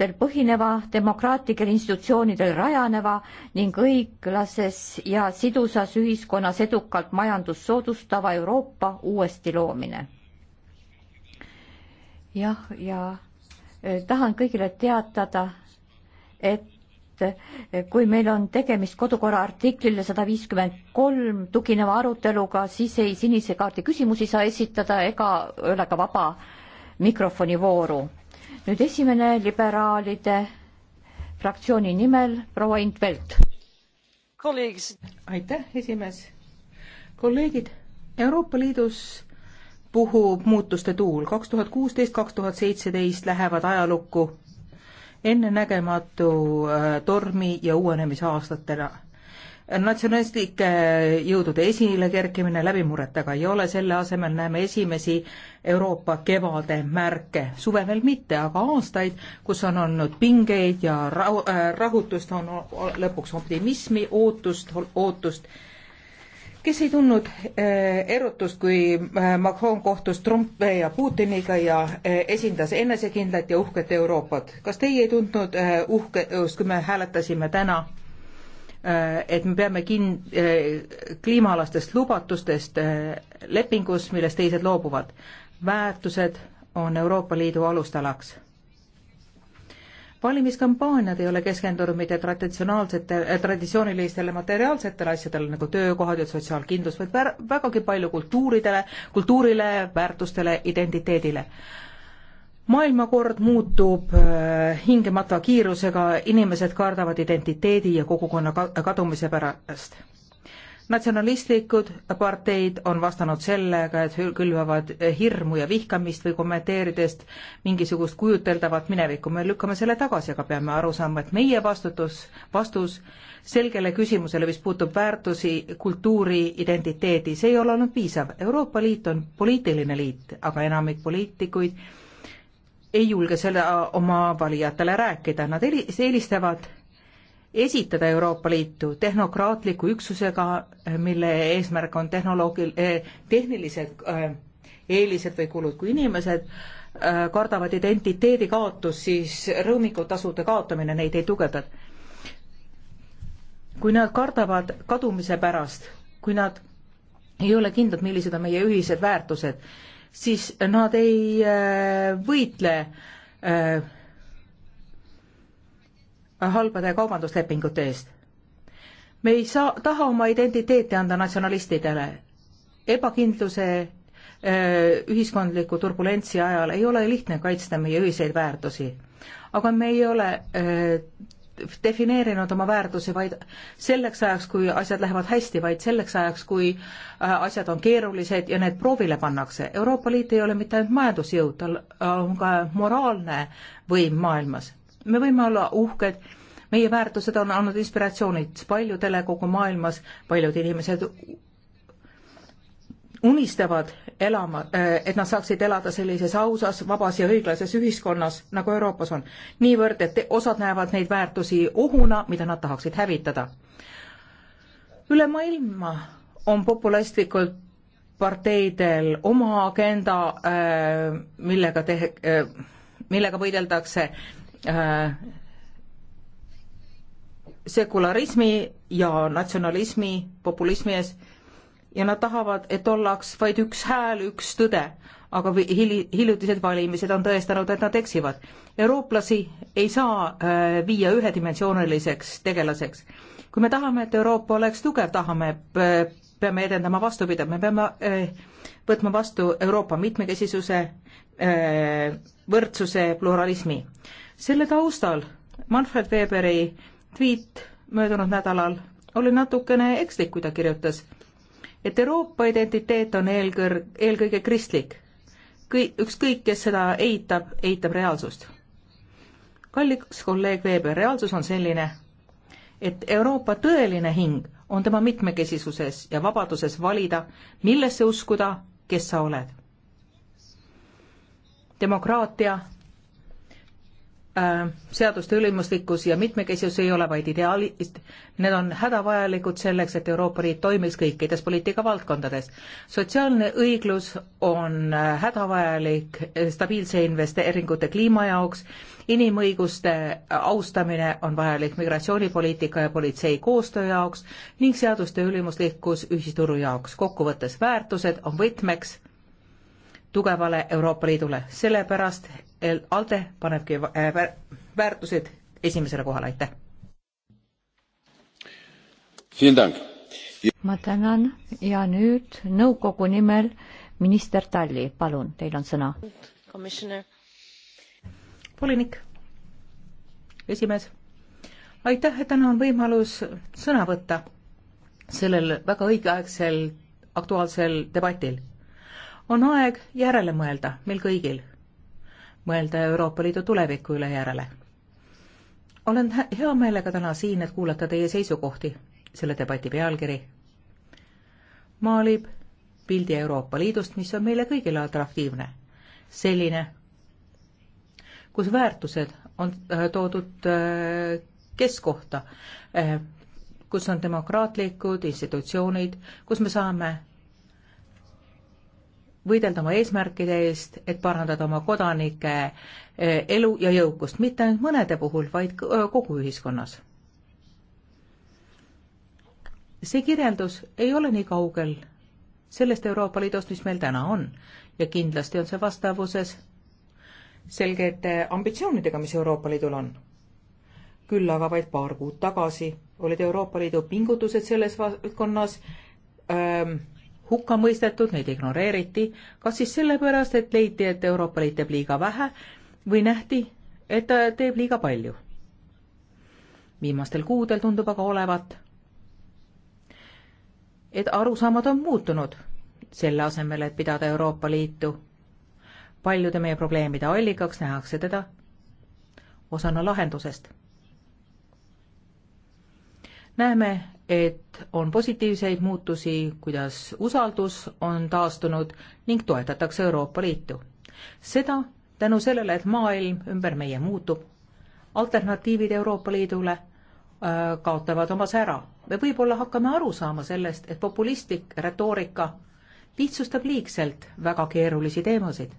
väärtustel põhineva, demokraatlikel institutsioonidel rajaneva ning õiglases ja sidusas ühiskonnas edukalt majandust soodustava Euroopa uuesti loomine. jah, ja eh, tahan kõigile teatada, et eh, kui meil on tegemist kodukorra artiklile sada viiskümmend kolm tugineva aruteluga, siis ei sinise kaardi küsimusi saa esitada ega ole ka vaba mikrofoni vooru nüüd esimene liberaalide fraktsiooni nimel proua Intvelt. aitäh, esimees. kolleegid, Euroopa Liidus puhub muutuste tuul, kaks tuhat kuusteist, kaks tuhat seitseteist lähevad ajalukku ennenägematu äh, tormi ja uuenemisaastatena natsionalistlike eh, jõudude esilekerkimine läbimurretega ei ole, selle asemel näeme esimesi Euroopa kevade märke, suve veel mitte, aga aastaid, kus on olnud pingeid ja rahu, eh, rahutust, on lõpuks optimismi, ootust, ootust. kes ei tundnud eh, erutust, kui Macron kohtus Trump ja Putiniga ja esindas enesekindlat ja uhket Euroopat? kas teie ei tundnud uhke, kui me hääletasime täna Äh, et me peame kin-, äh, kliimaalastest lubatustest äh, lepingus, millest teised loobuvad. väärtused on Euroopa Liidu alustalaks. valimiskampaaniad ei ole keskendunud mitte traditsionaalsete, traditsioonilistele materiaalsetele asjadele nagu töökohad ja sotsiaalkindlus, vaid vägagi palju kultuuridele, kultuurile, väärtustele, identiteedile maailmakord muutub äh, hingemata kiirusega, inimesed kardavad identiteedi ja kogukonna kadumise pärast. natsionalistlikud parteid on vastanud sellega, et külvavad hirmu ja vihkamist või kommenteerides mingisugust kujuteldavat minevikku. me lükkame selle tagasi, aga peame aru saama, et meie vastutus, vastus selgele küsimusele, mis puutub väärtusi, kultuuri, identiteedi, see ei ole olnud piisav. Euroopa Liit on poliitiline liit, aga enamik poliitikuid ei julge selle oma valijatele rääkida, nad eelistavad esitada Euroopa Liitu tehnokraatliku üksusega, mille eesmärk on tehnoloogil- eh,, tehnilised eh, eelised või kulud, kui inimesed eh, kardavad identiteedi kaotust, siis rõõmikutasude kaotamine neid ei tugevda. kui nad kardavad kadumise pärast, kui nad ei ole kindlad, millised on meie ühised väärtused, siis nad ei äh, võitle äh, halbade kaubanduslepingute eest. me ei saa, taha oma identiteeti anda natsionalistidele. ebakindluse äh, ühiskondliku turbulentsi ajal ei ole lihtne kaitsta meie ühiseid väärtusi. aga me ei ole defineerinud oma väärtusi vaid selleks ajaks, kui asjad lähevad hästi, vaid selleks ajaks, kui äh, asjad on keerulised ja need proovile pannakse. Euroopa Liit ei ole mitte ainult majandusjõud, tal on ka moraalne võim maailmas. me võime olla uhked, meie väärtused on andnud inspiratsioonid paljudele kogu maailmas, paljud inimesed unistavad elama, äh, et nad saaksid elada sellises ausas, vabas ja õiglases ühiskonnas, nagu Euroopas on. niivõrd, et osad näevad neid väärtusi ohuna, mida nad tahaksid hävitada. üle maailma on populistlikult parteidel oma agenda, äh, millega te-, äh, millega võideldakse sekularismi ja natsionalismi, populismi ees ja nad tahavad, et ollaks vaid üks hääl, üks tõde. aga hili-, hiljutised valimised on tõestanud, et nad eksivad. eurooplasi ei saa äh, viia ühedimensiooniliseks tegelaseks. kui me tahame, et Euroopa oleks tugev, tahame äh,, peame edendama vastupidav, me peame äh, võtma vastu Euroopa mitmekesisuse äh,, võrdsuse, pluralismi. selle taustal Manfred Weberi tweet möödunud nädalal oli natukene ekslik, kui ta kirjutas et Euroopa identiteet on eelkõr-, eelkõige kristlik. Kõi-, ükskõik, kes seda eitab, eitab reaalsust. kalliks kolleeg Veeber, reaalsus on selline, et Euroopa tõeline hing on tema mitmekesisuses ja vabaduses valida, millesse uskuda, kes sa oled. demokraatia Äh, seaduste ülimuslikkus ja mitmekesisus ei ole vaid ideaalid, need on hädavajalikud selleks, et Euroopa Liit toimiks kõikides poliitikavaldkondades. sotsiaalne õiglus on äh, hädavajalik äh, stabiilse investeeringute kliima jaoks, inimõiguste austamine on vajalik migratsioonipoliitika ja politsei koostöö jaoks ning seaduste ülimuslikkus ühisturu jaoks. kokkuvõttes väärtused on võtmeks tugevale Euroopa Liidule, sellepärast ALDE panebki äh, väärtused esimesele kohale, aitäh! ma tänan ja nüüd nõukogu nimel minister Talli, palun, teil on sõna. volinik, esimees, aitäh, et täna on võimalus sõna võtta sellel väga õigeaegsel aktuaalsel debatil. on aeg järele mõelda meil kõigil mõelda Euroopa Liidu tuleviku üle järele. olen hea meelega täna siin, et kuulata teie seisukohti. selle debati pealkiri maalib pildi Euroopa Liidust, mis on meile kõigile atraktiivne. selline, kus väärtused on äh, toodud äh, keskkohta, äh, kus on demokraatlikud institutsioonid, kus me saame võidelda oma eesmärkide eest, et parandada oma kodanike eh, elu ja jõukust, mitte ainult mõnede puhul, vaid kogu ühiskonnas. see kirjeldus ei ole nii kaugel sellest Euroopa Liidust, mis meil täna on ja kindlasti on see vastavuses selgete ambitsioonidega, mis Euroopa Liidul on. küll aga vaid paar kuud tagasi olid Euroopa Liidu pingutused selles valdkonnas ähm, hukka mõistetud, neid ignoreeriti, kas siis sellepärast, et leiti, et Euroopa Liit teeb liiga vähe või nähti, et ta teeb liiga palju. viimastel kuudel tundub aga olevat, et arusaamad on muutunud, selle asemel, et pidada Euroopa Liitu paljude meie probleemide allikaks, nähakse teda osana lahendusest näeme, et on positiivseid muutusi, kuidas usaldus on taastunud ning toetatakse Euroopa Liitu. seda tänu sellele, et maailm ümber meie muutub. alternatiivid Euroopa Liidule öö, äh, kaotavad omas ära. me võib-olla hakkame aru saama sellest, et populistlik retoorika lihtsustab liigselt väga keerulisi teemasid.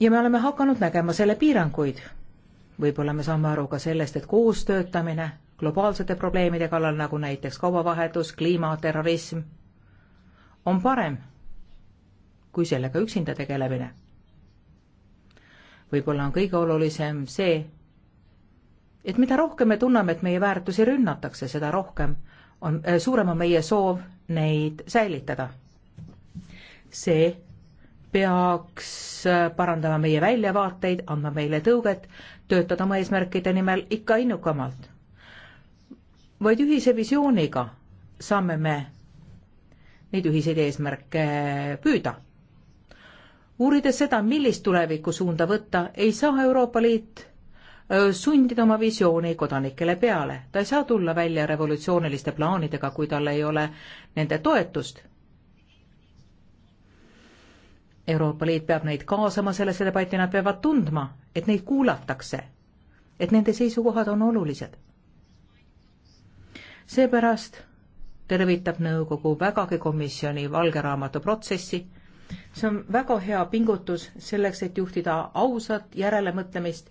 ja me oleme hakanud nägema selle piiranguid võib-olla me saame aru ka sellest, et koos töötamine globaalsete probleemide kallal, nagu näiteks kaubavahetus, kliima, terrorism, on parem kui sellega üksinda tegelemine. võib-olla on kõige olulisem see, et mida rohkem me tunneme, et meie väärtusi rünnatakse, seda rohkem on, äh, suurem on meie soov neid säilitada. see peaks äh, parandama meie väljavaateid, andma meile tõuget, töötada oma eesmärkide nimel ikka innukamalt. vaid ühise visiooniga saame me neid ühiseid eesmärke püüda. uurides seda, millist tulevikusuunda võtta, ei saa Euroopa Liit äh, sundida oma visiooni kodanikele peale. ta ei saa tulla välja revolutsiooniliste plaanidega, kui tal ei ole nende toetust Euroopa Liit peab neid kaasama sellesse debatti, nad peavad tundma, et neid kuulatakse, et nende seisukohad on olulised. seepärast tervitab nõukogu vägagi komisjoni valge raamatu protsessi. see on väga hea pingutus selleks, et juhtida ausat järelemõtlemist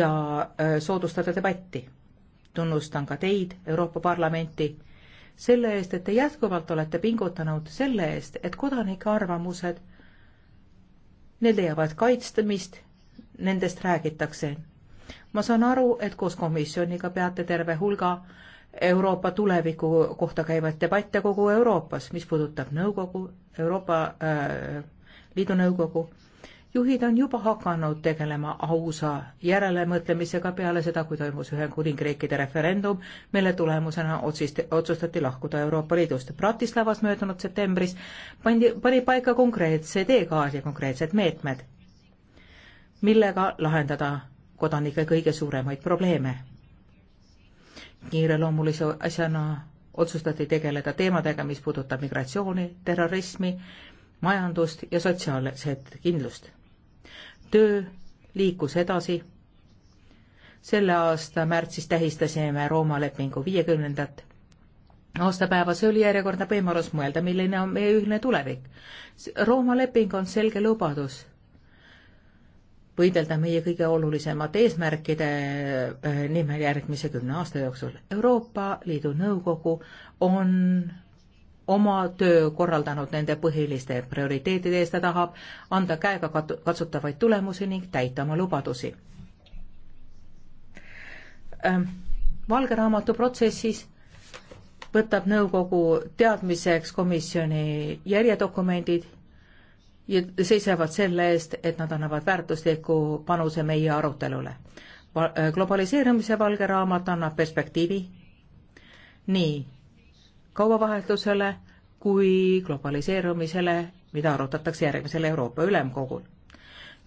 ja äh, soodustada debatti. tunnustan ka teid, Euroopa Parlamenti, selle eest, et te jätkuvalt olete pingutanud selle eest, et kodanike arvamused need leiavad kaitstamist, nendest räägitakse. ma saan aru, et koos komisjoniga peate terve hulga Euroopa tuleviku kohta käivaid debatte kogu Euroopas, mis puudutab nõukogu, Euroopa äh, Liidu Nõukogu juhid on juba hakanud tegelema ausa järelemõtlemisega peale seda, kui toimus Ühendkuningriikide referendum, mille tulemusena otsist-, otsustati lahkuda Euroopa Liidust. Bratislavas möödunud septembris pandi, pani paika konkreetse teekaardi, konkreetsed meetmed, millega lahendada kodanike kõige suuremaid probleeme. kiireloomulise asjana otsustati tegeleda teemadega, mis puudutab migratsiooni, terrorismi, majandust ja sotsiaalset kindlust töö liikus edasi. selle aasta märtsis tähistasime Rooma lepingu viiekümnendat aastapäeva, see oli järjekordne võimalus mõelda, milline on meie ühine tulevik. Rooma leping on selge lubadus võidelda meie kõige olulisemate eesmärkide eh, nimel järgmise kümne aasta jooksul. Euroopa Liidu Nõukogu on oma töö korraldanud nende põhiliste prioriteetide eest ja tahab anda käega katsutavaid tulemusi ning täita oma lubadusi. Ähm, valge raamatu protsessis võtab nõukogu teadmiseks komisjoni järjedokumendid ja seisavad selle eest, et nad annavad väärtusliku panuse meie arutelule. globaliseerumise valge raamat annab perspektiivi nii kaubavahetusele kui globaliseerumisele, mida arutatakse järgmisel Euroopa Ülemkogul.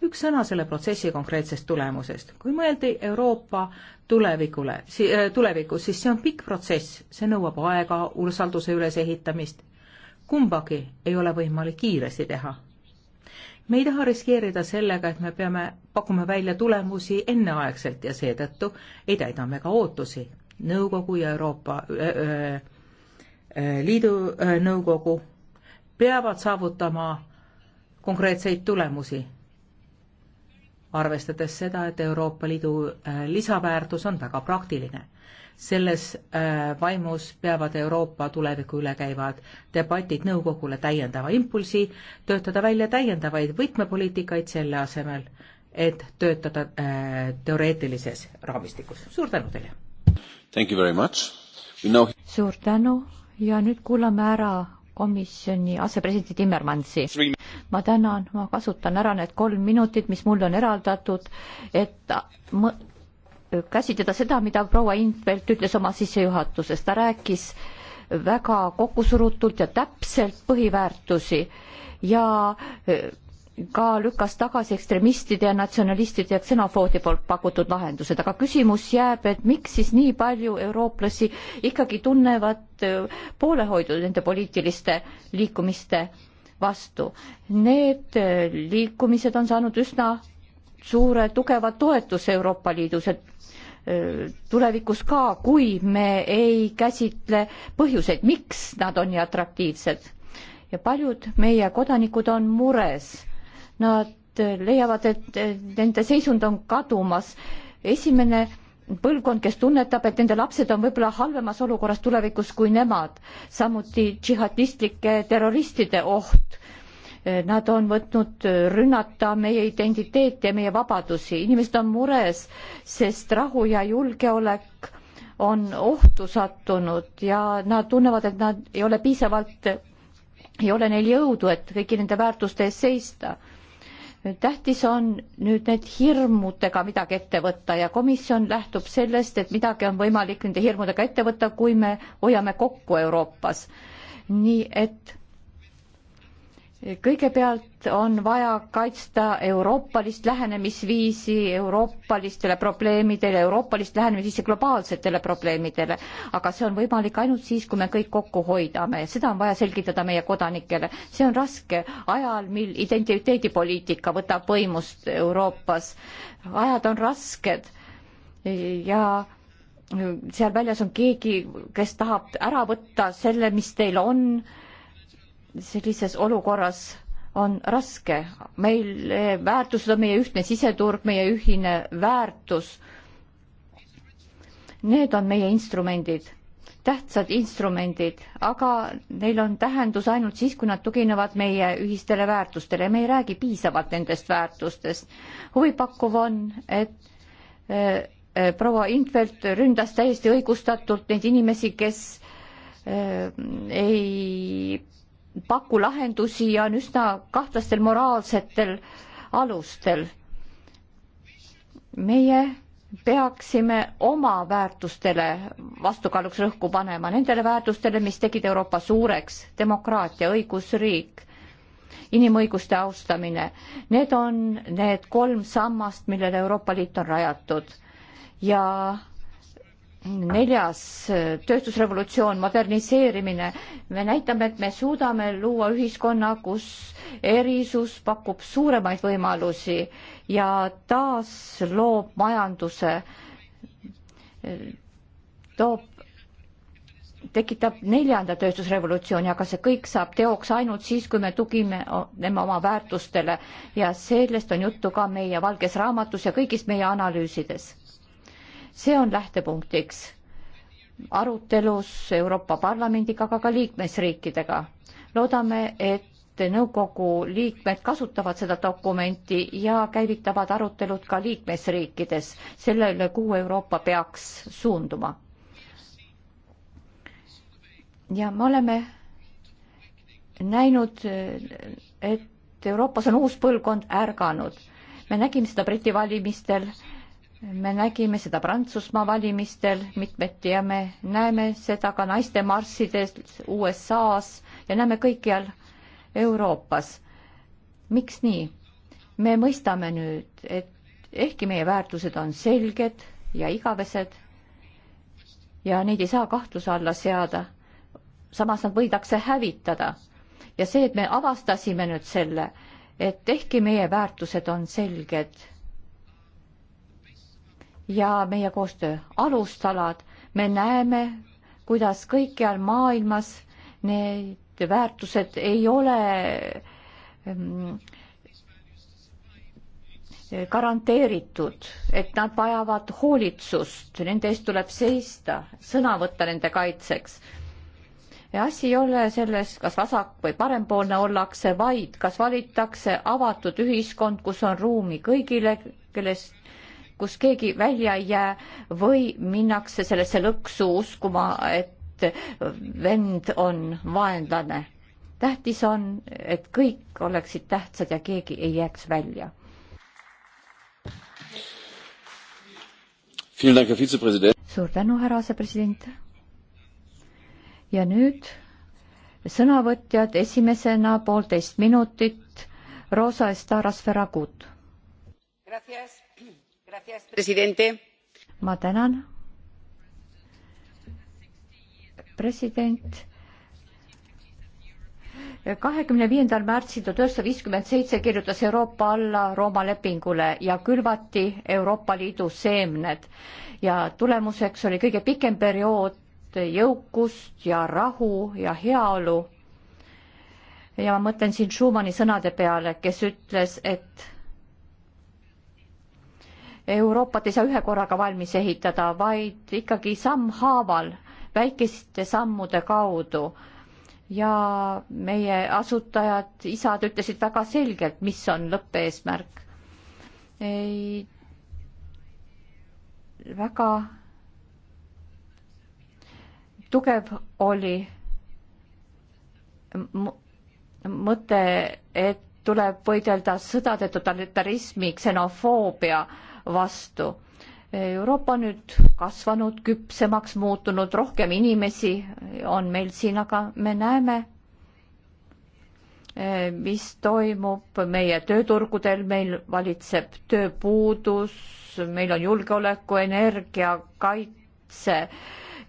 üks sõna selle protsessi konkreetsest tulemusest. kui mõeldi Euroopa tulevikule, äh, tulevikus, siis see on pikk protsess, see nõuab aega, usalduse ülesehitamist. kumbagi ei ole võimalik kiiresti teha me ei taha riskeerida sellega, et me peame, pakume välja tulemusi enneaegselt ja seetõttu ei täida me ka ootusi. nõukogu ja Euroopa öö, äh, öö, äh, Äh, liidu äh, nõukogu peavad saavutama konkreetseid tulemusi, arvestades seda, et Euroopa Liidu äh, lisaväärtus on väga praktiline. selles vaimus peavad Euroopa tuleviku üle käivad debatid nõukogule täiendava impulsi, töötada välja täiendavaid võtmepoliitikaid selle asemel, et töötada teoreetilises raamistikus. suur tänu teile! Now... suur tänu! ja nüüd kuulame ära komisjoni asepresidendi Timmermansi. ma tänan, ma kasutan ära need kolm minutit, mis mulle on eraldatud, et käsitleda seda, mida proua Intvelt ütles oma sissejuhatuses, ta rääkis väga kokkusurutult ja täpselt põhiväärtusi ja ka lükkas tagasi ekstremistide ja natsionalistide ja ksenofoodi poolt pakutud lahendused, aga küsimus jääb, et miks siis nii palju eurooplasi ikkagi tunnevad äh, poolehoidu nende poliitiliste liikumiste vastu. Need äh, liikumised on saanud üsna suure tugeva toetuse Euroopa Liidus, et äh, tulevikus ka, kui me ei käsitle põhjuseid, miks nad on nii atraktiivsed. ja paljud meie kodanikud on mures Nad leiavad, et nende seisund on kadumas. esimene põlvkond, kes tunnetab, et nende lapsed on võib-olla halvemas olukorras tulevikus kui nemad. samuti džihadistlike terroristide oht. Nad on võtnud rünnata meie identiteeti ja meie vabadusi. inimesed on mures, sest rahu ja julgeolek on ohtu sattunud ja nad tunnevad, et nad ei ole piisavalt, ei ole neil jõudu, et kõigi nende väärtuste eest seista tähtis on nüüd need hirmudega midagi ette võtta ja komisjon lähtub sellest, et midagi on võimalik nende hirmudega ette võtta, kui me hoiame kokku Euroopas. nii et kõigepealt on vaja kaitsta euroopalist lähenemisviisi euroopalistele probleemidele, euroopalist lähenemisviisi globaalsetele probleemidele, aga see on võimalik ainult siis, kui me kõik kokku hoidame ja seda on vaja selgitada meie kodanikele. see on raske ajal, mil identiteedipoliitika võtab võimust Euroopas. ajad on rasked ja seal väljas on keegi, kes tahab ära võtta selle, mis teil on sellises olukorras on raske. meil eh, väärtused on meie ühtne siseturg, meie ühine väärtus. Need on meie instrumendid, tähtsad instrumendid, aga neil on tähendus ainult siis, kui nad tuginevad meie ühistele väärtustele ja me ei räägi piisavalt nendest väärtustest. huvipakkuv on, et äh, äh, proua Intvelt ründas täiesti õigustatult neid inimesi, kes äh, ei paku lahendusi ja on üsna kahtlastel moraalsetel alustel. meie peaksime oma väärtustele vastukaaluks rõhku panema, nendele väärtustele, mis tegid Euroopa suureks, demokraatia, õigusriik, inimõiguste austamine. Need on need kolm sammast, millele Euroopa Liit on rajatud ja neljas tööstusrevolutsioon, moderniseerimine, me näitame, et me suudame luua ühiskonna, kus erisus pakub suuremaid võimalusi ja taas loob majanduse, toob, tekitab neljanda tööstusrevolutsiooni, aga see kõik saab teoks ainult siis, kui me tugineme oma väärtustele ja sellest on juttu ka meie valges raamatus ja kõigis meie analüüsides see on lähtepunktiks arutelus Euroopa Parlamendiga, aga ka liikmesriikidega. loodame, et nõukogu liikmed kasutavad seda dokumenti ja käivitavad arutelud ka liikmesriikides, selle üle, kuhu Euroopa peaks suunduma. ja me oleme näinud, et Euroopas on uus põlvkond ärganud. me nägime seda Briti valimistel me nägime seda Prantsusmaa valimistel mitmeti ja me näeme seda ka naistemarssides USA-s ja näeme kõikjal Euroopas. miks nii? me mõistame nüüd, et ehkki meie väärtused on selged ja igavesed ja neid ei saa kahtluse alla seada, samas nad võidakse hävitada. ja see, et me avastasime nüüd selle, et ehkki meie väärtused on selged ja meie koostöö alustalad, me näeme, kuidas kõikjal maailmas need väärtused ei ole ehm, garanteeritud, et nad vajavad hoolitsust, nende eest tuleb seista, sõna võtta nende kaitseks. asi ei ole selles, kas vasak või parempoolne ollakse, vaid kas valitakse avatud ühiskond, kus on ruumi kõigile, kellest kus keegi välja ei jää või minnakse sellesse lõksu uskuma, et vend on vaenlane. tähtis on, et kõik oleksid tähtsad ja keegi ei jääks välja. suur tänu, härra asepresident. ja nüüd sõnavõtjad esimesena poolteist minutit. Rosa Estaras Ferragut. Gracias ma tänan. president kahekümne viiendal märtsil tuhat üheksasada viiskümmend seitse kirjutas Euroopa alla Rooma lepingule ja külvati Euroopa Liidu seemned ja tulemuseks oli kõige pikem periood jõukust ja rahu ja heaolu. ja ma mõtlen siin Schumanni sõnade peale, kes ütles, et Euroopat ei saa ühekorraga valmis ehitada, vaid ikkagi sammhaaval, väikeste sammude kaudu. ja meie asutajad, isad ütlesid väga selgelt, mis on lõppeesmärk. ei, väga tugev oli mõte, et tuleb võidelda sõdade totalitarismi, ksenofoobia äh, vastu. Euroopa nüüd kasvanud, küpsemaks muutunud, rohkem inimesi on meil siin, aga me näeme, mis toimub meie tööturgudel, meil valitseb tööpuudus, meil on julgeoleku, energia, kaitse,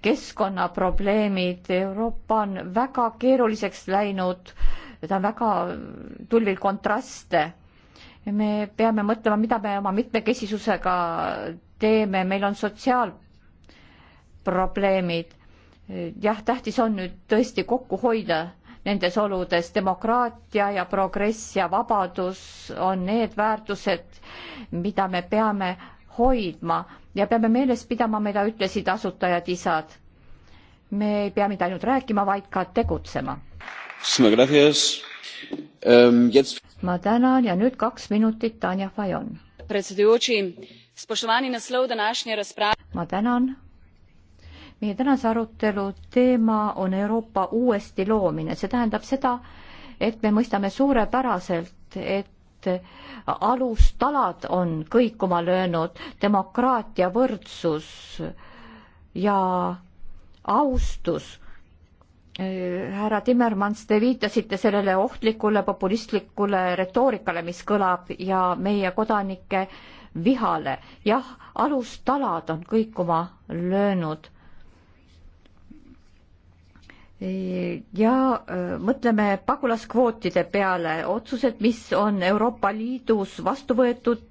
keskkonnaprobleemid, Euroopa on väga keeruliseks läinud, ta on väga tulvil kontraste me peame mõtlema, mida me oma mitmekesisusega teeme, meil on sotsiaalprobleemid. jah, tähtis on nüüd tõesti kokku hoida nendes oludes. demokraatia ja progress ja vabadus on need väärtused, mida me peame hoidma ja peame meeles pidama, mida ütlesid asutajad-isad. me ei pea mitte ainult rääkima, vaid ka tegutsema ma tänan ja nüüd kaks minutit Tanja Fajon. ma tänan. meie tänase arutelu teema on Euroopa uuesti loomine, see tähendab seda, et me mõistame suurepäraselt, et alustalad on kõikuma löönud, demokraatia, võrdsus ja austus härra Timmermans, te viitasite sellele ohtlikule populistlikule retoorikale, mis kõlab ja meie kodanike vihale. jah, alustalad on kõikuma löönud. ja äh, mõtleme pagulaskvootide peale, otsused, mis on Euroopa Liidus vastu võetud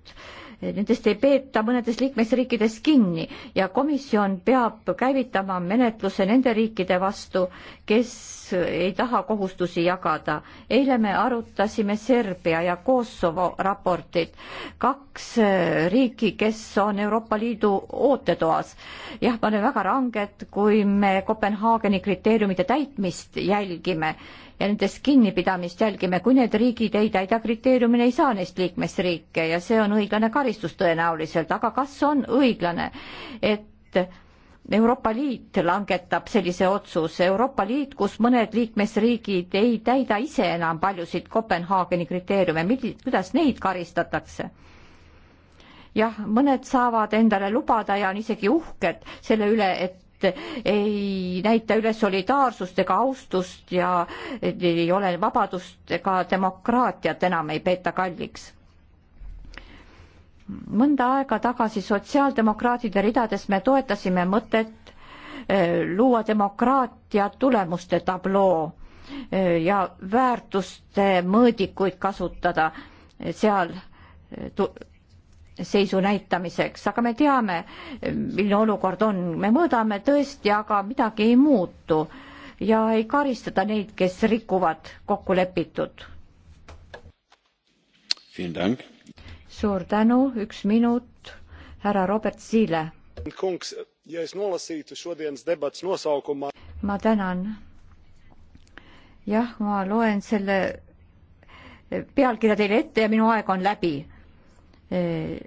Eh, nendest ei peeta mõnedes liikmesriikides kinni ja komisjon peab käivitama menetluse nende riikide vastu, kes ei taha kohustusi jagada. eile me arutasime Serbia ja Kosovo raportit, kaks eh, riiki, kes on Euroopa Liidu ootetoas. jah, me oleme väga ranged, kui me Kopenhaageni kriteeriumide täitmist jälgime ja nendest kinnipidamist jälgime, kui need riigid ei täida kriteeriumi, ei saa neist liikmesriike ja see on õiglane karistus tõenäoliselt, aga kas on õiglane, et Euroopa Liit langetab sellise otsuse, Euroopa Liit, kus mõned liikmesriigid ei täida ise enam paljusid Kopenhaageni kriteeriume, kuidas neid karistatakse? jah, mõned saavad endale lubada ja on isegi uhked selle üle, et ei näita üles solidaarsust ega austust ja ei ole vabadust ega demokraatiat enam ei peeta kalliks. mõnda aega tagasi sotsiaaldemokraatide ridades me toetasime mõtet eh, luua demokraatia tulemuste tabloo eh, ja väärtuste mõõdikuid kasutada seal eh, seisu näitamiseks, aga me teame, milline olukord on, me mõõdame tõesti, aga midagi ei muutu ja ei karistada neid, kes rikuvad kokkulepitut. suur tänu, üks minut, härra Robert Siile. ma tänan. jah, ma loen selle pealkirja teile ette ja minu aeg on läbi Eh,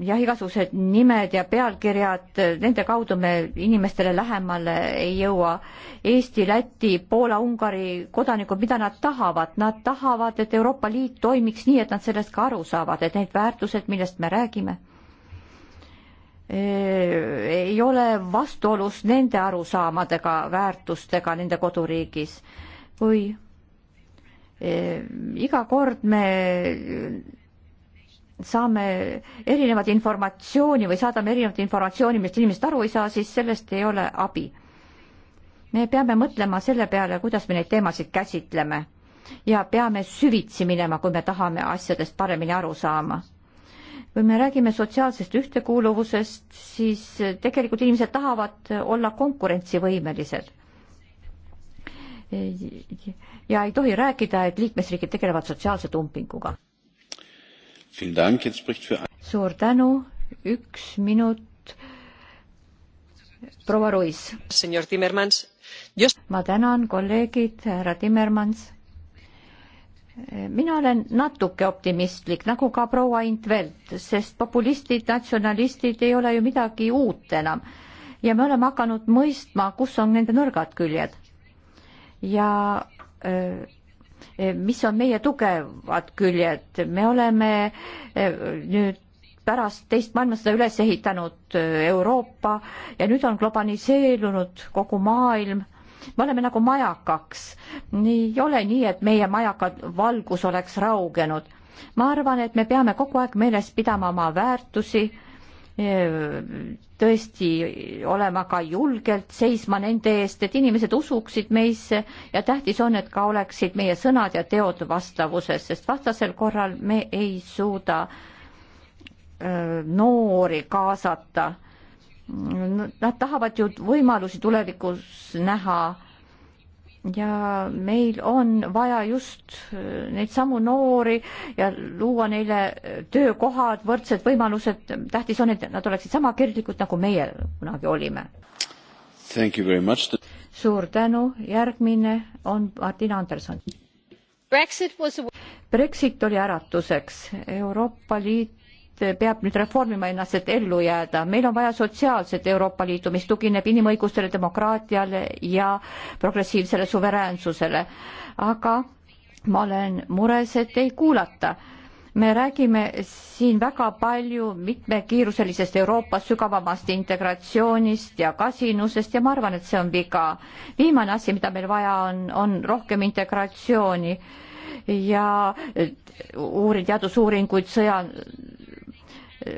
jah, igasugused nimed ja pealkirjad, nende kaudu me inimestele lähemale ei jõua. Eesti, Läti, Poola, Ungari kodanikud, mida nad tahavad, nad tahavad, et Euroopa Liit toimiks nii, et nad sellest ka aru saavad, et need väärtused, millest me räägime, eh, ei ole vastuolus nende arusaamadega, väärtustega nende koduriigis. kui eh, iga kord me saame erinevat informatsiooni või saadame erinevat informatsiooni, millest inimesed aru ei saa, siis sellest ei ole abi. me peame mõtlema selle peale, kuidas me neid teemasid käsitleme ja peame süvitsi minema, kui me tahame asjadest paremini aru saama. kui me räägime sotsiaalsest ühtekuuluvusest, siis tegelikult inimesed tahavad olla konkurentsivõimelised. ja ei tohi rääkida, et liikmesriigid tegelevad sotsiaalse dumpinguga suur tänu, üks minut. proua Ruiz. ma tänan, kolleegid, härra Timmermans. mina olen natuke optimistlik, nagu ka proua Intvelt, sest populistid, natsionalistid ei ole ju midagi uut enam ja me oleme hakanud mõistma, kus on nende nõrgad küljed. ja öö, Eh, mis on meie tugevad küljed, me oleme eh, nüüd pärast teist maailmasõda üles ehitanud eh, Euroopa ja nüüd on globaliseerunud kogu maailm. me oleme nagu majakaks, ei ole nii, et meie majaka valgus oleks raugenud. ma arvan, et me peame kogu aeg meeles pidama oma väärtusi tõesti olema ka julgelt seisma nende eest, et inimesed usuksid meisse ja tähtis on, et ka oleksid meie sõnad ja teod vastavuses, sest vastasel korral me ei suuda noori kaasata. Nad tahavad ju võimalusi tulevikus näha ja meil on vaja just äh, neid samu noori ja luua neile äh, töökohad, võrdsed võimalused, tähtis on, et nad oleksid sama kirglikud, nagu meie kunagi olime. suur tänu, järgmine on Martina Anderson. Brexit, was... Brexit oli äratuseks, Euroopa Liit peab nüüd reformima ennast, et ellu jääda. meil on vaja sotsiaalset Euroopa Liitu, mis tugineb inimõigustele, demokraatiale ja progressiivsele suveräänsusele. aga ma olen mures, et ei kuulata me räägime siin väga palju mitmekiiruselisest Euroopast, sügavamast integratsioonist ja kasinusest ja ma arvan, et see on viga. viimane asi, mida meil vaja on, on rohkem integratsiooni ja uurin teadusuuringuid sõja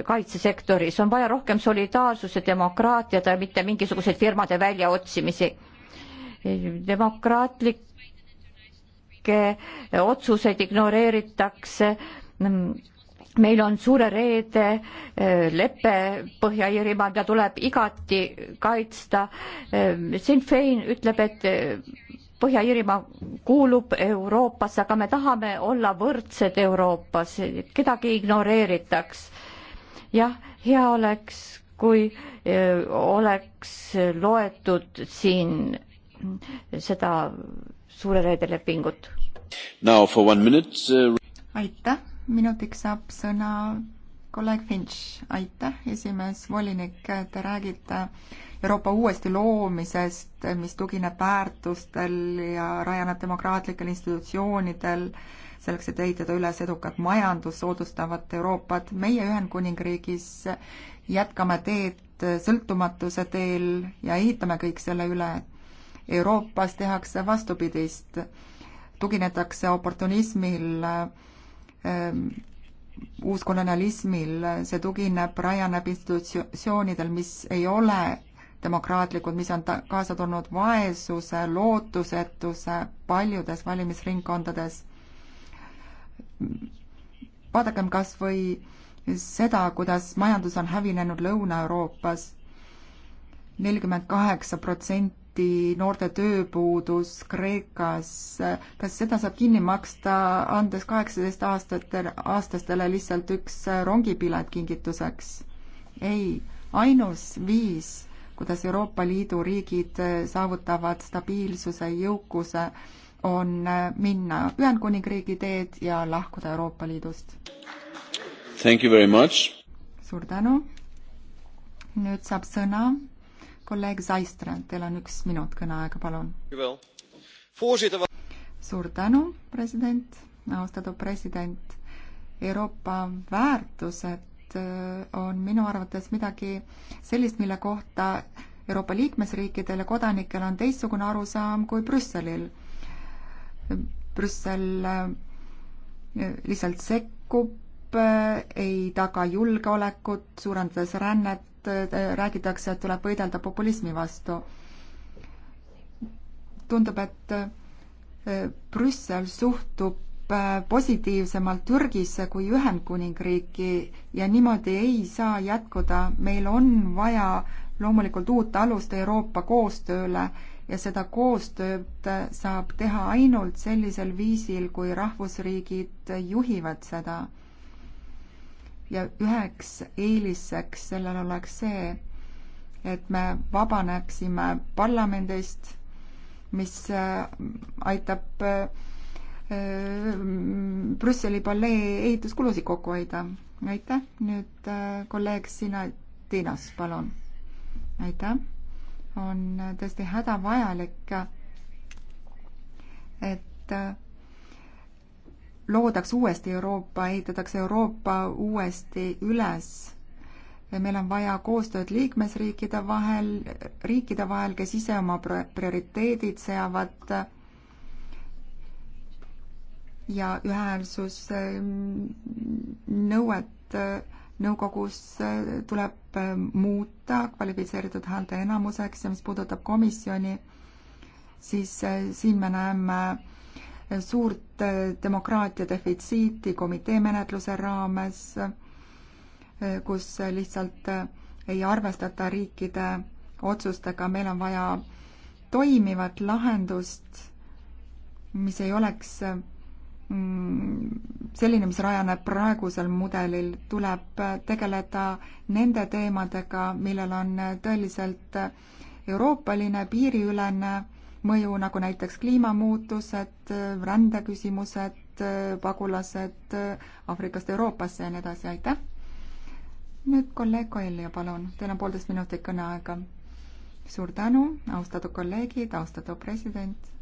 kaitsesektoris, on vaja rohkem solidaarsuse, demokraatiat ja mitte mingisuguseid firmade väljaotsimisi. demokraatlikke otsuseid ignoreeritakse. meil on suure reede eh, lepe Põhja-Iirimaal, mida tuleb igati kaitsta. Eh, Sinn Fein ütleb, et eh, Põhja-Iirimaa kuulub Euroopasse, aga me tahame olla võrdsed Euroopas, kedagi ignoreeritaks jah, hea oleks, kui e, oleks loetud siin seda suure reede lepingut. Uh, aitäh, minutiks saab sõna kolleeg Finch, aitäh, esimees, volinik, te räägite Euroopa uuesti loomisest, mis tugineb väärtustel ja rajaneb demokraatlikel institutsioonidel äh, selleks, et ehitada üles edukat majandust, soodustavat Euroopat. meie Ühendkuningriigis jätkame teed sõltumatuse teel ja ehitame kõik selle üle. Euroopas tehakse vastupidist, tuginetakse oportunismil ähm,, uuskolonialismil, see tugineb, rajaneb institutsioonidel, mis ei ole demokraatlikud, mis on ta-, kaasa tulnud vaesuse, lootusetuse paljudes valimisringkondades vaadakem kas või seda, kuidas majandus on hävinenud Lõuna-Euroopas. nelikümmend kaheksa protsenti noorte tööpuudus Kreekas, kas seda saab kinni maksta, andes kaheksateist aastatel, aastastele lihtsalt üks rongipilet kingituseks? ei, ainus viis, kuidas Euroopa Liidu riigid saavutavad stabiilsuse, jõukuse, on äh, minna Ühendkuningriigi teed ja lahkuda Euroopa Liidust. suur tänu. nüüd saab sõna kolleeg Zaistre, teil on üks minut kõneaega, palun. suur tänu, president, austatud president. Euroopa väärtused äh, on minu arvates midagi sellist, mille kohta Euroopa liikmesriikidel ja kodanikel on teistsugune arusaam kui Brüsselil Brüssel äh, lihtsalt sekkub, äh, ei taga julgeolekut, suurendades rännet, äh, räägitakse, et tuleb võidelda populismi vastu. tundub, et Brüssel suhtub positiivsemalt Türgisse kui Ühendkuningriiki ja niimoodi ei saa jätkuda, meil on vaja loomulikult uut alust Euroopa koostööle ja seda koostööd saab teha ainult sellisel viisil, kui rahvusriigid juhivad seda. ja üheks eelisseks sellel oleks see, et me vabaneksime parlamendist, mis äh, aitab äh, äh, Brüsseli palee ehituskulusid kokku hoida. aitäh, nüüd kolleeg Sina Tiinas, palun. aitäh on tõesti hädavajalik, et loodaks uuesti Euroopa, ehitataks Euroopa uuesti üles meil on vaja koostööd liikmesriikide vahel, riikide vahel, kes ise oma prioriteedid seavad. ja ühehäälsusnõuet mm, nõukogus äh, tuleb äh, muuta kvalifitseeritud häälte enamuseks ja mis puudutab komisjoni, siis äh, siin me näeme suurt demokraatia defitsiiti komitee menetluse raames, kus lihtsalt ei arvestata riikide otsustega, meil on vaja toimivat lahendust, mis ei oleks Mm, selline, mis rajaneb praegusel mudelil, tuleb äh, tegeleda nende teemadega, millel on äh, tõeliselt äh, euroopaline, piiriülene mõju, nagu näiteks kliimamuutused, rändeküsimused, pagulased Aafrikast Euroopasse ja nii edasi, aitäh! nüüd kolleeg Koilja, palun, teil on poolteist minutit kõneaega. suur tänu, austatud kolleegid, austatud president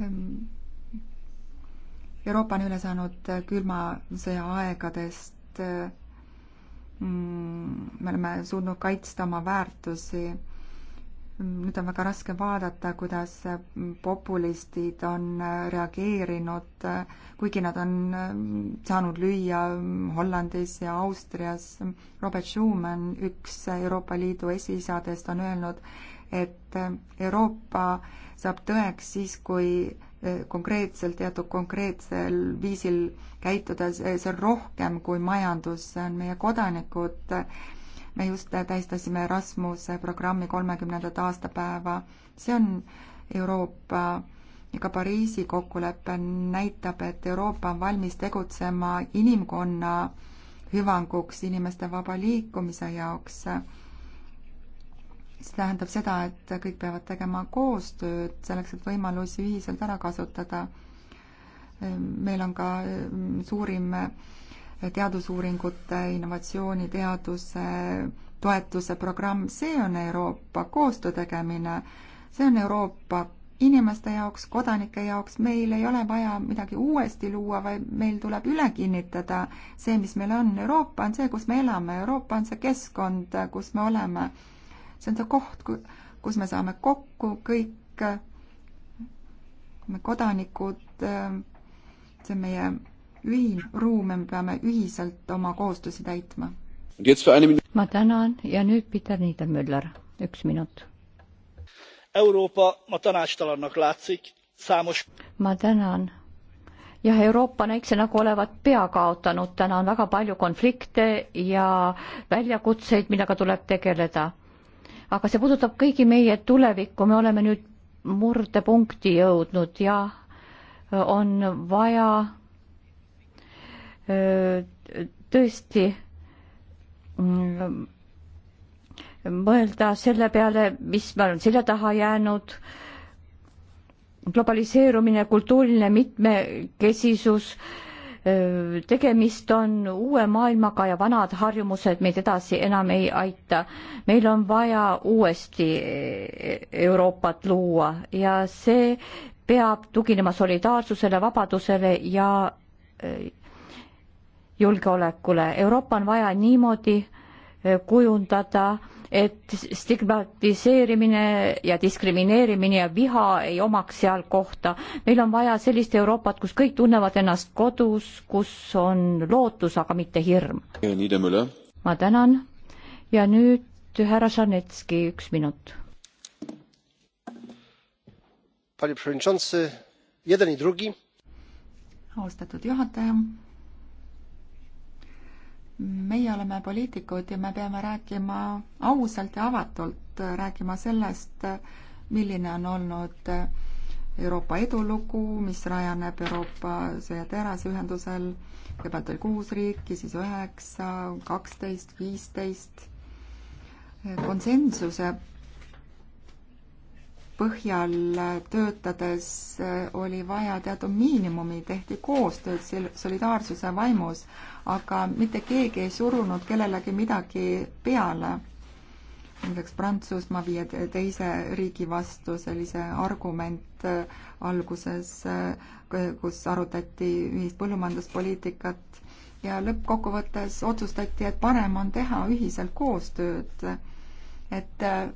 Ehm, Euroopa on üle saanud külma sõja aegadest. Mm, me oleme suutnud kaitsta oma väärtusi. Mm, nüüd on väga raske vaadata, kuidas populistid on äh, reageerinud, äh, kuigi nad on äh, saanud lüüa mm, Hollandis ja Austrias. Robert Schumann, üks Euroopa Liidu esiisadest, on öelnud, et Euroopa saab tõeks siis, kui eh, konkreetselt ja konkreetsel viisil käituda, see on rohkem kui majandus, see on meie kodanikud. me just tähistasime Erasmuse programmi kolmekümnendat aastapäeva, see on Euroopa ja ka Pariisi kokkulepe näitab, et Euroopa on valmis tegutsema inimkonna hüvanguks, inimeste vaba liikumise jaoks see tähendab seda, et kõik peavad tegema koostööd selleks, et võimalusi ühiselt ära kasutada. meil on ka mm, suurim eh, teadusuuringute, innovatsiooni, teaduse toetuse programm, see on Euroopa koostöö tegemine, see on Euroopa inimeste jaoks, kodanike jaoks, meil ei ole vaja midagi uuesti luua, vaid meil tuleb üle kinnitada see, mis meil on. Euroopa on see, kus me elame, Euroopa on see keskkond, kus me oleme see on see koht, kus me saame kokku kõik me kodanikud, see on meie ühine ruum ja me peame ühiselt oma kohustusi täitma. ma tänan ja nüüd Peter Niedermüller, üks minut. Euroopa ma tanástalannak látszik, számos ma tänan jah, Euroopa näikse nagu olevat pea kaotanud, täna on väga palju konflikte ja väljakutseid, millega tuleb tegeleda aga see puudutab kõigi meie tulevikku, me oleme nüüd murdepunkti jõudnud ja on vaja tõesti mm, mõelda selle peale, mis meil on selja taha jäänud, globaliseerumine, kultuuriline mitmekesisus tegemist on uue maailmaga ja vanad harjumused meid edasi enam ei aita. meil on vaja uuesti e, e, Euroopat luua ja see peab tuginema solidaarsusele, vabadusele ja e, julgeolekule. Euroopa on vaja niimoodi kujundada, et stigmatiseerimine ja diskrimineerimine ja viha ei omaks seal kohta. meil on vaja sellist Euroopat, kus kõik tunnevad ennast kodus, kus on lootus, aga mitte hirm. ma tänan ja nüüd härra Žanetski, üks minut. austatud juhataja meie oleme poliitikud ja me peame rääkima ausalt ja avatult, rääkima sellest, milline on olnud Euroopa edulugu, mis rajaneb Euroopa sõjaterasühendusel. kõigepealt oli kuus riiki, siis üheksa, kaksteist, viisteist. konsensuse põhjal töötades oli vaja teatud miinimumi, tehti koostööd solidaarsuse vaimus aga mitte keegi ei surunud kellelegi midagi peale. näiteks Prantsusmaa viie teise riigi vastu sellise argument äh, alguses, äh, kus arutati ühist põllumajanduspoliitikat ja lõppkokkuvõttes otsustati, et parem on teha ühiselt koostööd. et äh,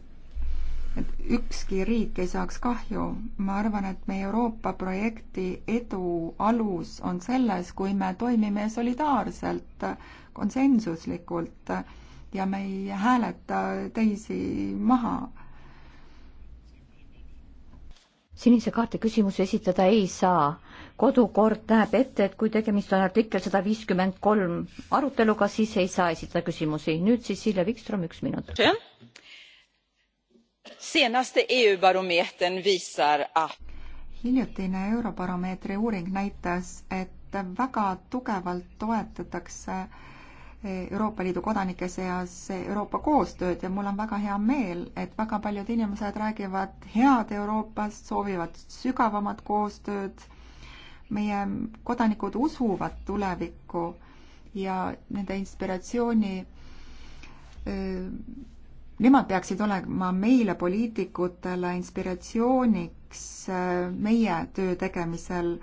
et ükski riik ei saaks kahju. ma arvan, et meie Euroopa projekti edu alus on selles, kui me toimime solidaarselt, konsensuslikult ja me ei hääleta teisi maha. sinise kaarte küsimusi esitada ei saa. kodukord näeb ette, et kui tegemist on artikkel sada viiskümmend kolm aruteluga, siis ei saa esitada küsimusi. nüüd siis Silja Vikström, üks minut. E hiljutine Eurobaromeetri uuring näitas, et väga tugevalt toetatakse eh, Euroopa Liidu kodanike seas Euroopa koostööd ja mul on väga hea meel, et väga paljud inimesed räägivad head Euroopast, soovivad sügavamat koostööd. meie kodanikud usuvad tulevikku ja nende inspiratsiooni eh, nemad peaksid olema meile, poliitikutele, inspiratsiooniks äh, meie töö tegemisel.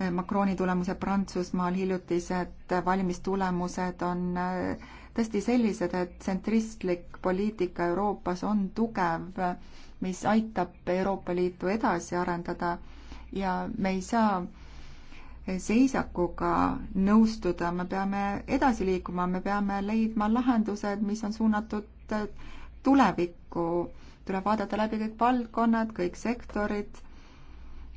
Äh, Macroni tulemused Prantsusmaal, hiljutised valimistulemused on äh, tõesti sellised, et tsentristlik poliitika Euroopas on tugev, mis aitab Euroopa Liitu edasi arendada ja me ei saa seisakuga nõustuda, me peame edasi liikuma, me peame leidma lahendused, mis on suunatud tulevikku, tuleb vaadata läbi kõik valdkonnad, kõik sektorid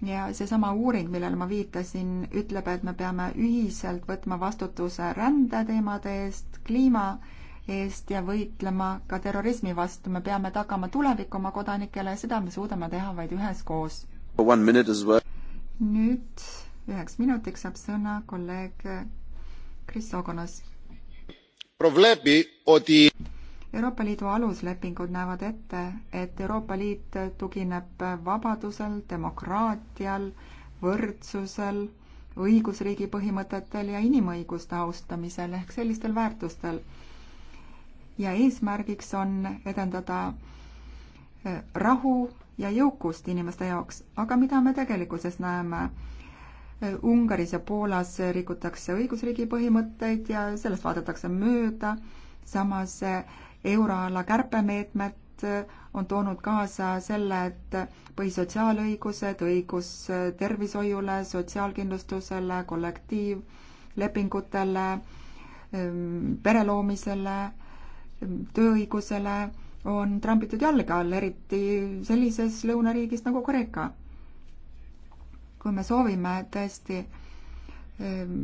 ja seesama uuring, millele ma viitasin, ütleb, et me peame ühiselt võtma vastutuse rändeteemade eest, kliima eest ja võitlema ka terrorismi vastu. me peame tagama tuleviku oma kodanikele ja seda me suudame teha vaid üheskoos. nüüd üheks minutiks saab sõna kolleeg Kris Sogonas. Euroopa Liidu aluslepingud näevad ette, et Euroopa Liit tugineb vabadusel, demokraatial, võrdsusel, õigusriigi põhimõtetel ja inimõiguste austamisel ehk sellistel väärtustel. ja eesmärgiks on edendada eh, rahu ja jõukust inimeste jaoks, aga mida me tegelikkuses näeme? Eh, Ungaris ja Poolas rikutakse õigusriigi põhimõtteid ja sellest vaadatakse mööda, samas eh, euroala kärpemeetmed äh, on toonud kaasa selle, et põhisotsiaalõigused, õigus äh, tervishoiule, sotsiaalkindlustusele, kollektiivlepingutele, ähm, pere loomisele, ähm, tööõigusele on trambitud jalge all, eriti sellises lõunariigis nagu Kreeka. kui me soovime tõesti ähm,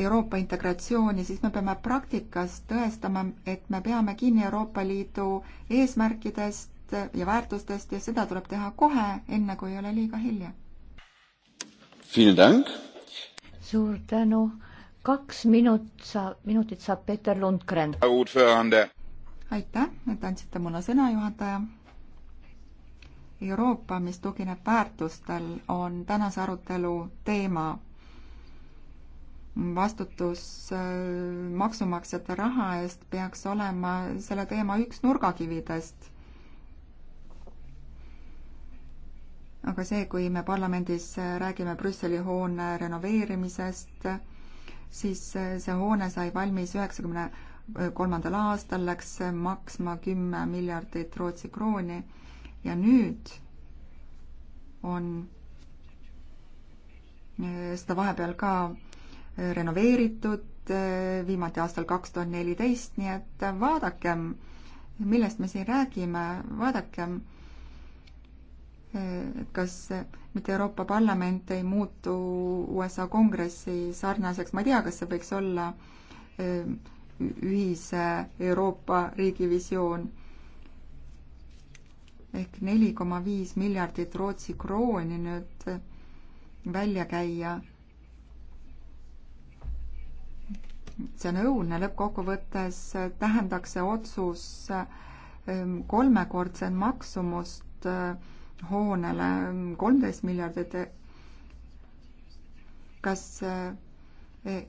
Euroopa integratsiooni, siis me peame praktikas tõestama, et me peame kinni Euroopa Liidu eesmärkidest ja väärtustest ja seda tuleb teha kohe, enne kui ei ole liiga hilja. suur tänu. kaks minut saab, minutit saab Peeter Lundgren. aitäh, et andsite mulle sõna, juhataja. Euroopa, mis tugineb väärtustel, on tänase arutelu teema vastutus maksumaksjate raha eest peaks olema selle teema üks nurgakividest. aga see, kui me parlamendis räägime Brüsseli hoone renoveerimisest, siis see hoone sai valmis üheksakümne kolmandal aastal, läks maksma kümme miljardit Rootsi krooni ja nüüd on seda vahepeal ka renoveeritud eh, viimati aastal kaks tuhat neliteist, nii et vaadakem, millest me siin räägime, vaadakem, eh, et kas mitte Euroopa Parlament ei muutu USA kongressi sarnaseks, ma ei tea, kas see võiks olla eh, ühise Euroopa riigi visioon ehk neli koma viis miljardit Rootsi krooni nüüd välja käia see nõudne lõppkokkuvõttes tähendaks see otsus ähm, kolmekordse maksumust äh, hoonele ähm, kolmteist miljardit. kas äh,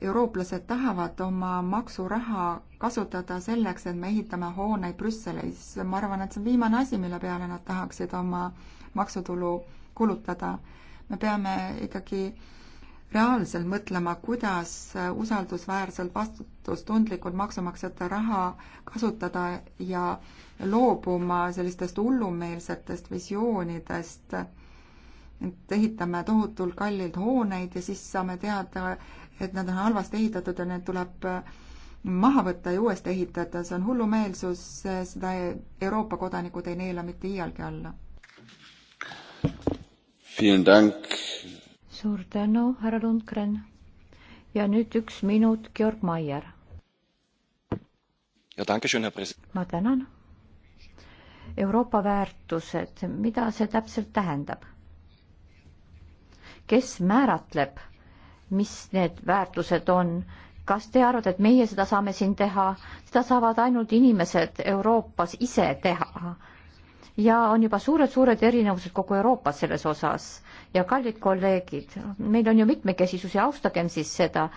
eurooplased tahavad oma maksuraha kasutada selleks, et me ehitame hooneid Brüsselis? ma arvan, et see on viimane asi, mille peale nad tahaksid oma maksutulu kulutada. me peame ikkagi äh, reaalselt mõtlema, kuidas usaldusväärselt, vastutustundlikult maksumaksjate raha kasutada ja loobuma sellistest hullumeelsetest visioonidest, et ehitame tohutult kallilt hooneid ja siis saame teada, et nad on halvasti ehitatud ja need tuleb maha võtta ja uuesti ehitada, see on hullumeelsus, seda Euroopa kodanikud ei neela mitte iialgi alla suur tänu, härra Lundgren. ja nüüd üks minut, Georg Maier. ma tänan. Euroopa väärtused, mida see täpselt tähendab? kes määratleb, mis need väärtused on, kas te arvate, et meie seda saame siin teha, seda saavad ainult inimesed Euroopas ise teha? ja on juba suured-suured erinevused kogu Euroopas selles osas ja kallid kolleegid, meil on ju mitmekesisus ja austagem siis seda.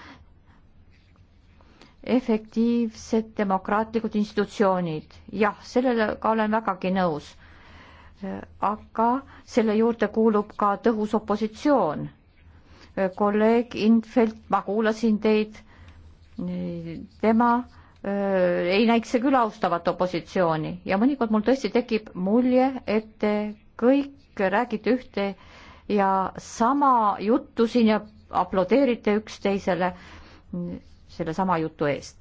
efektiivsed demokraatlikud institutsioonid, jah, sellega olen vägagi nõus. aga selle juurde kuulub ka tõhus opositsioon. kolleeg Infeld, ma kuulasin teid, tema äh, ei näikse küll austavat opositsiooni ja mõnikord mul tõesti tekib mulje, et te kõik räägite ühte ja sama juttu siin ja aplodeerite üksteisele sellesama jutu eest.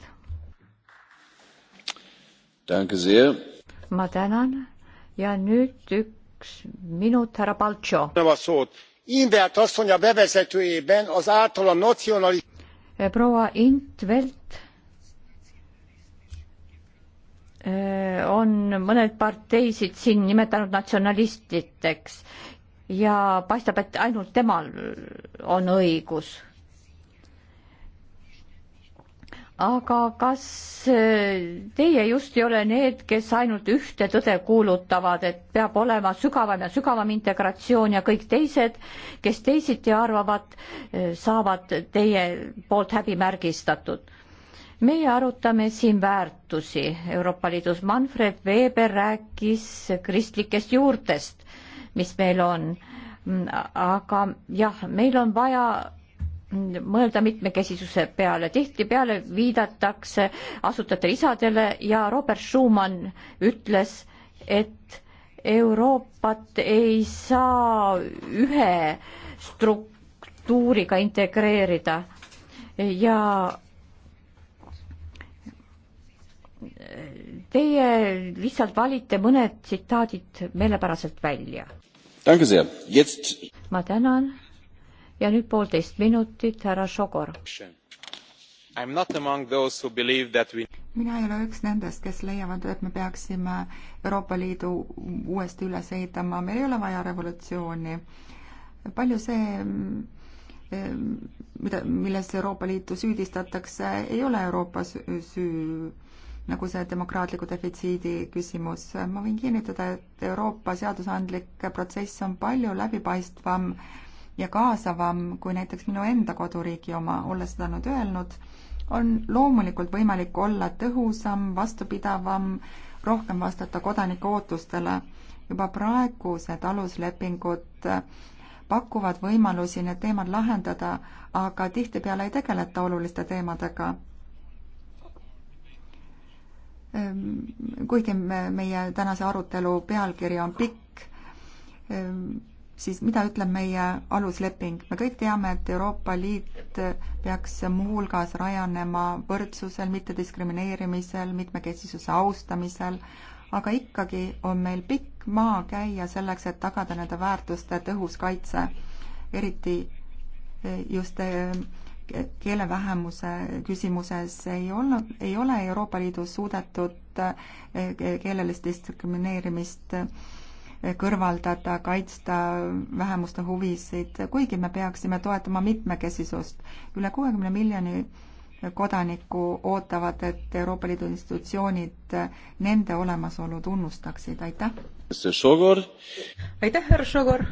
ma tänan ja nüüd üks minut, härra Baltšo. Eh, proua Intvelt eh, on mõned parteisid siin nimetanud natsionalistideks ja paistab, et ainult temal on õigus. aga kas teie just ei ole need, kes ainult ühte tõde kuulutavad, et peab olema sügavam ja sügavam integratsioon ja kõik teised, kes teisiti arvavad, saavad teie poolt häbimärgistatud meie arutame siin väärtusi Euroopa Liidus. Manfred Weber rääkis kristlikest juurtest mis meil on. aga jah, meil on vaja mõelda mitmekesisuse peale, tihtipeale viidatakse asutajate isadele ja Robert Schumann ütles, et Euroopat ei saa ühe struktuuriga integreerida ja Teie lihtsalt valite mõned tsitaadid meelepäraselt välja ma tänan ja nüüd poolteist minutit, härra Šogor. mina ei ole üks nendest, kes leiavad, et me peaksime Euroopa Liidu uuesti üles ehitama, meil ei ole vaja revolutsiooni. palju see, mm, eh, mida, milles Euroopa Liitu süüdistatakse, ei ole Euroopa süü nagu see demokraatliku defitsiidi küsimus. ma võin kinnitada, et Euroopa seadusandlik protsess on palju läbipaistvam ja kaasavam kui näiteks minu enda koduriigi oma, olles seda nüüd öelnud, on loomulikult võimalik olla tõhusam, vastupidavam, rohkem vastata kodanike ootustele. juba praegused aluslepingud pakuvad võimalusi need teemad lahendada, aga tihtipeale ei tegeleta oluliste teemadega Ehm, kuigi meie tänase arutelu pealkiri on pikk, ehm, siis mida ütleb meie alusleping? me kõik teame, et Euroopa Liit peaks muuhulgas rajanema võrdsusel, mittediskrimineerimisel, mitmekesisuse austamisel, aga ikkagi on meil pikk maa käia selleks, et tagada nende väärtuste tõhus kaitse, eriti eh, just ehm, keelevähemuse küsimuses ei olnud, ei ole Euroopa Liidus suudetud eh, keelelist diskrimineerimist eh, kõrvaldada, kaitsta vähemuste huvisid, kuigi me peaksime toetama mitmekesisust. üle kuuekümne miljoni kodaniku ootavad, et Euroopa Liidu institutsioonid eh, nende olemasolu tunnustaksid, aitäh! aitäh, härra Šogor!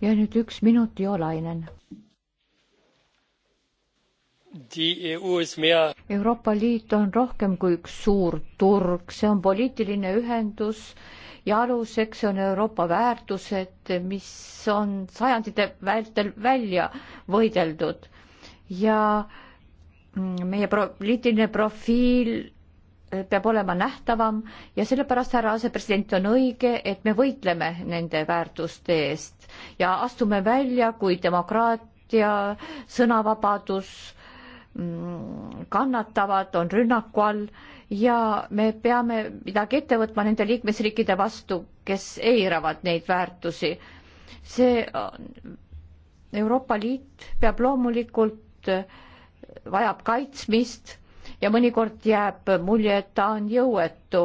ja nüüd üks minut, Joolainen E Euroopa Liit on rohkem kui üks suur turg, see on poliitiline ühendus ja aluseks on Euroopa väärtused, mis on sajandite vältel välja võideldud ja mm, meie pro poliitiline profiil äh, peab olema nähtavam ja sellepärast härra asepresident on õige, et me võitleme nende väärtuste eest ja astume välja, kui demokraatia, sõnavabadus Mm, kannatavad, on rünnaku all ja me peame midagi ette võtma nende liikmesriikide vastu, kes eiravad neid väärtusi. see äh, Euroopa Liit peab loomulikult, äh, vajab kaitsmist ja mõnikord jääb mulje, et ta on jõuetu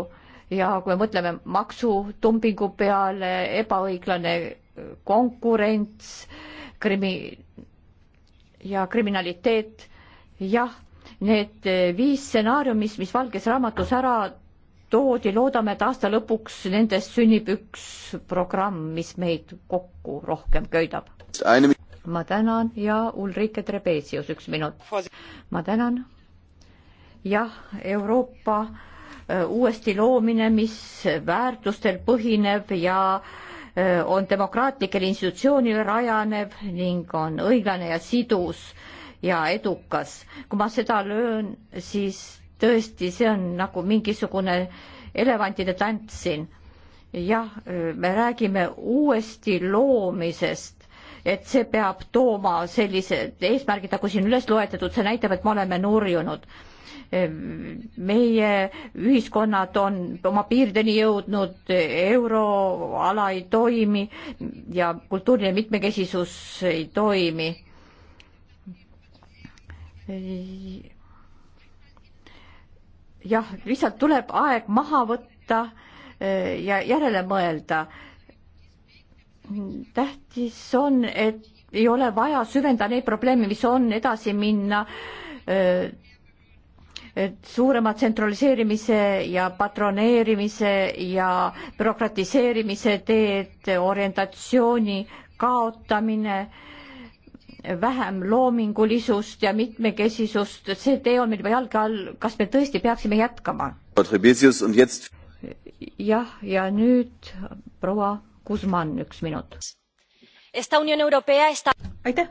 ja kui me mõtleme maksutumbingu peale, ebaõiglane äh, konkurents, krimi- ja kriminaliteet jah, need eh, viis stsenaariumis, mis Valges Raamatus ära toodi, loodame, et aasta lõpuks nendest sünnib üks programm, mis meid kokku rohkem köidab. ma tänan ja Ulrike Trebesius, üks minut. ma tänan. jah, Euroopa eh, uuesti loomine, mis väärtustel põhineb ja eh, on demokraatlikel institutsioonil rajanev ning on õiglane ja sidus ja edukas. kui ma seda löön, siis tõesti, see on nagu mingisugune elevantide tants siin. jah, me räägime uuesti loomisest, et see peab tooma sellised eesmärgid, nagu siin üles loetletud, see näitab, et me oleme nurjunud. meie ühiskonnad on oma piirideni jõudnud, euroala ei toimi ja kultuuriline mitmekesisus ei toimi jah, lihtsalt tuleb aeg maha võtta eh, ja järele mõelda. tähtis on, et ei ole vaja süvendada neid probleeme, mis on, edasi minna eh, et suurema tsentraliseerimise ja patroneerimise ja bürokratiseerimise teed, orientatsiooni kaotamine äh, vähem loomingulisust ja mitmekesisust, see tee on meil juba jalge all, kas me tõesti peaksime jätkama? jah, ja nüüd proua Guzman, üks minut. aitäh.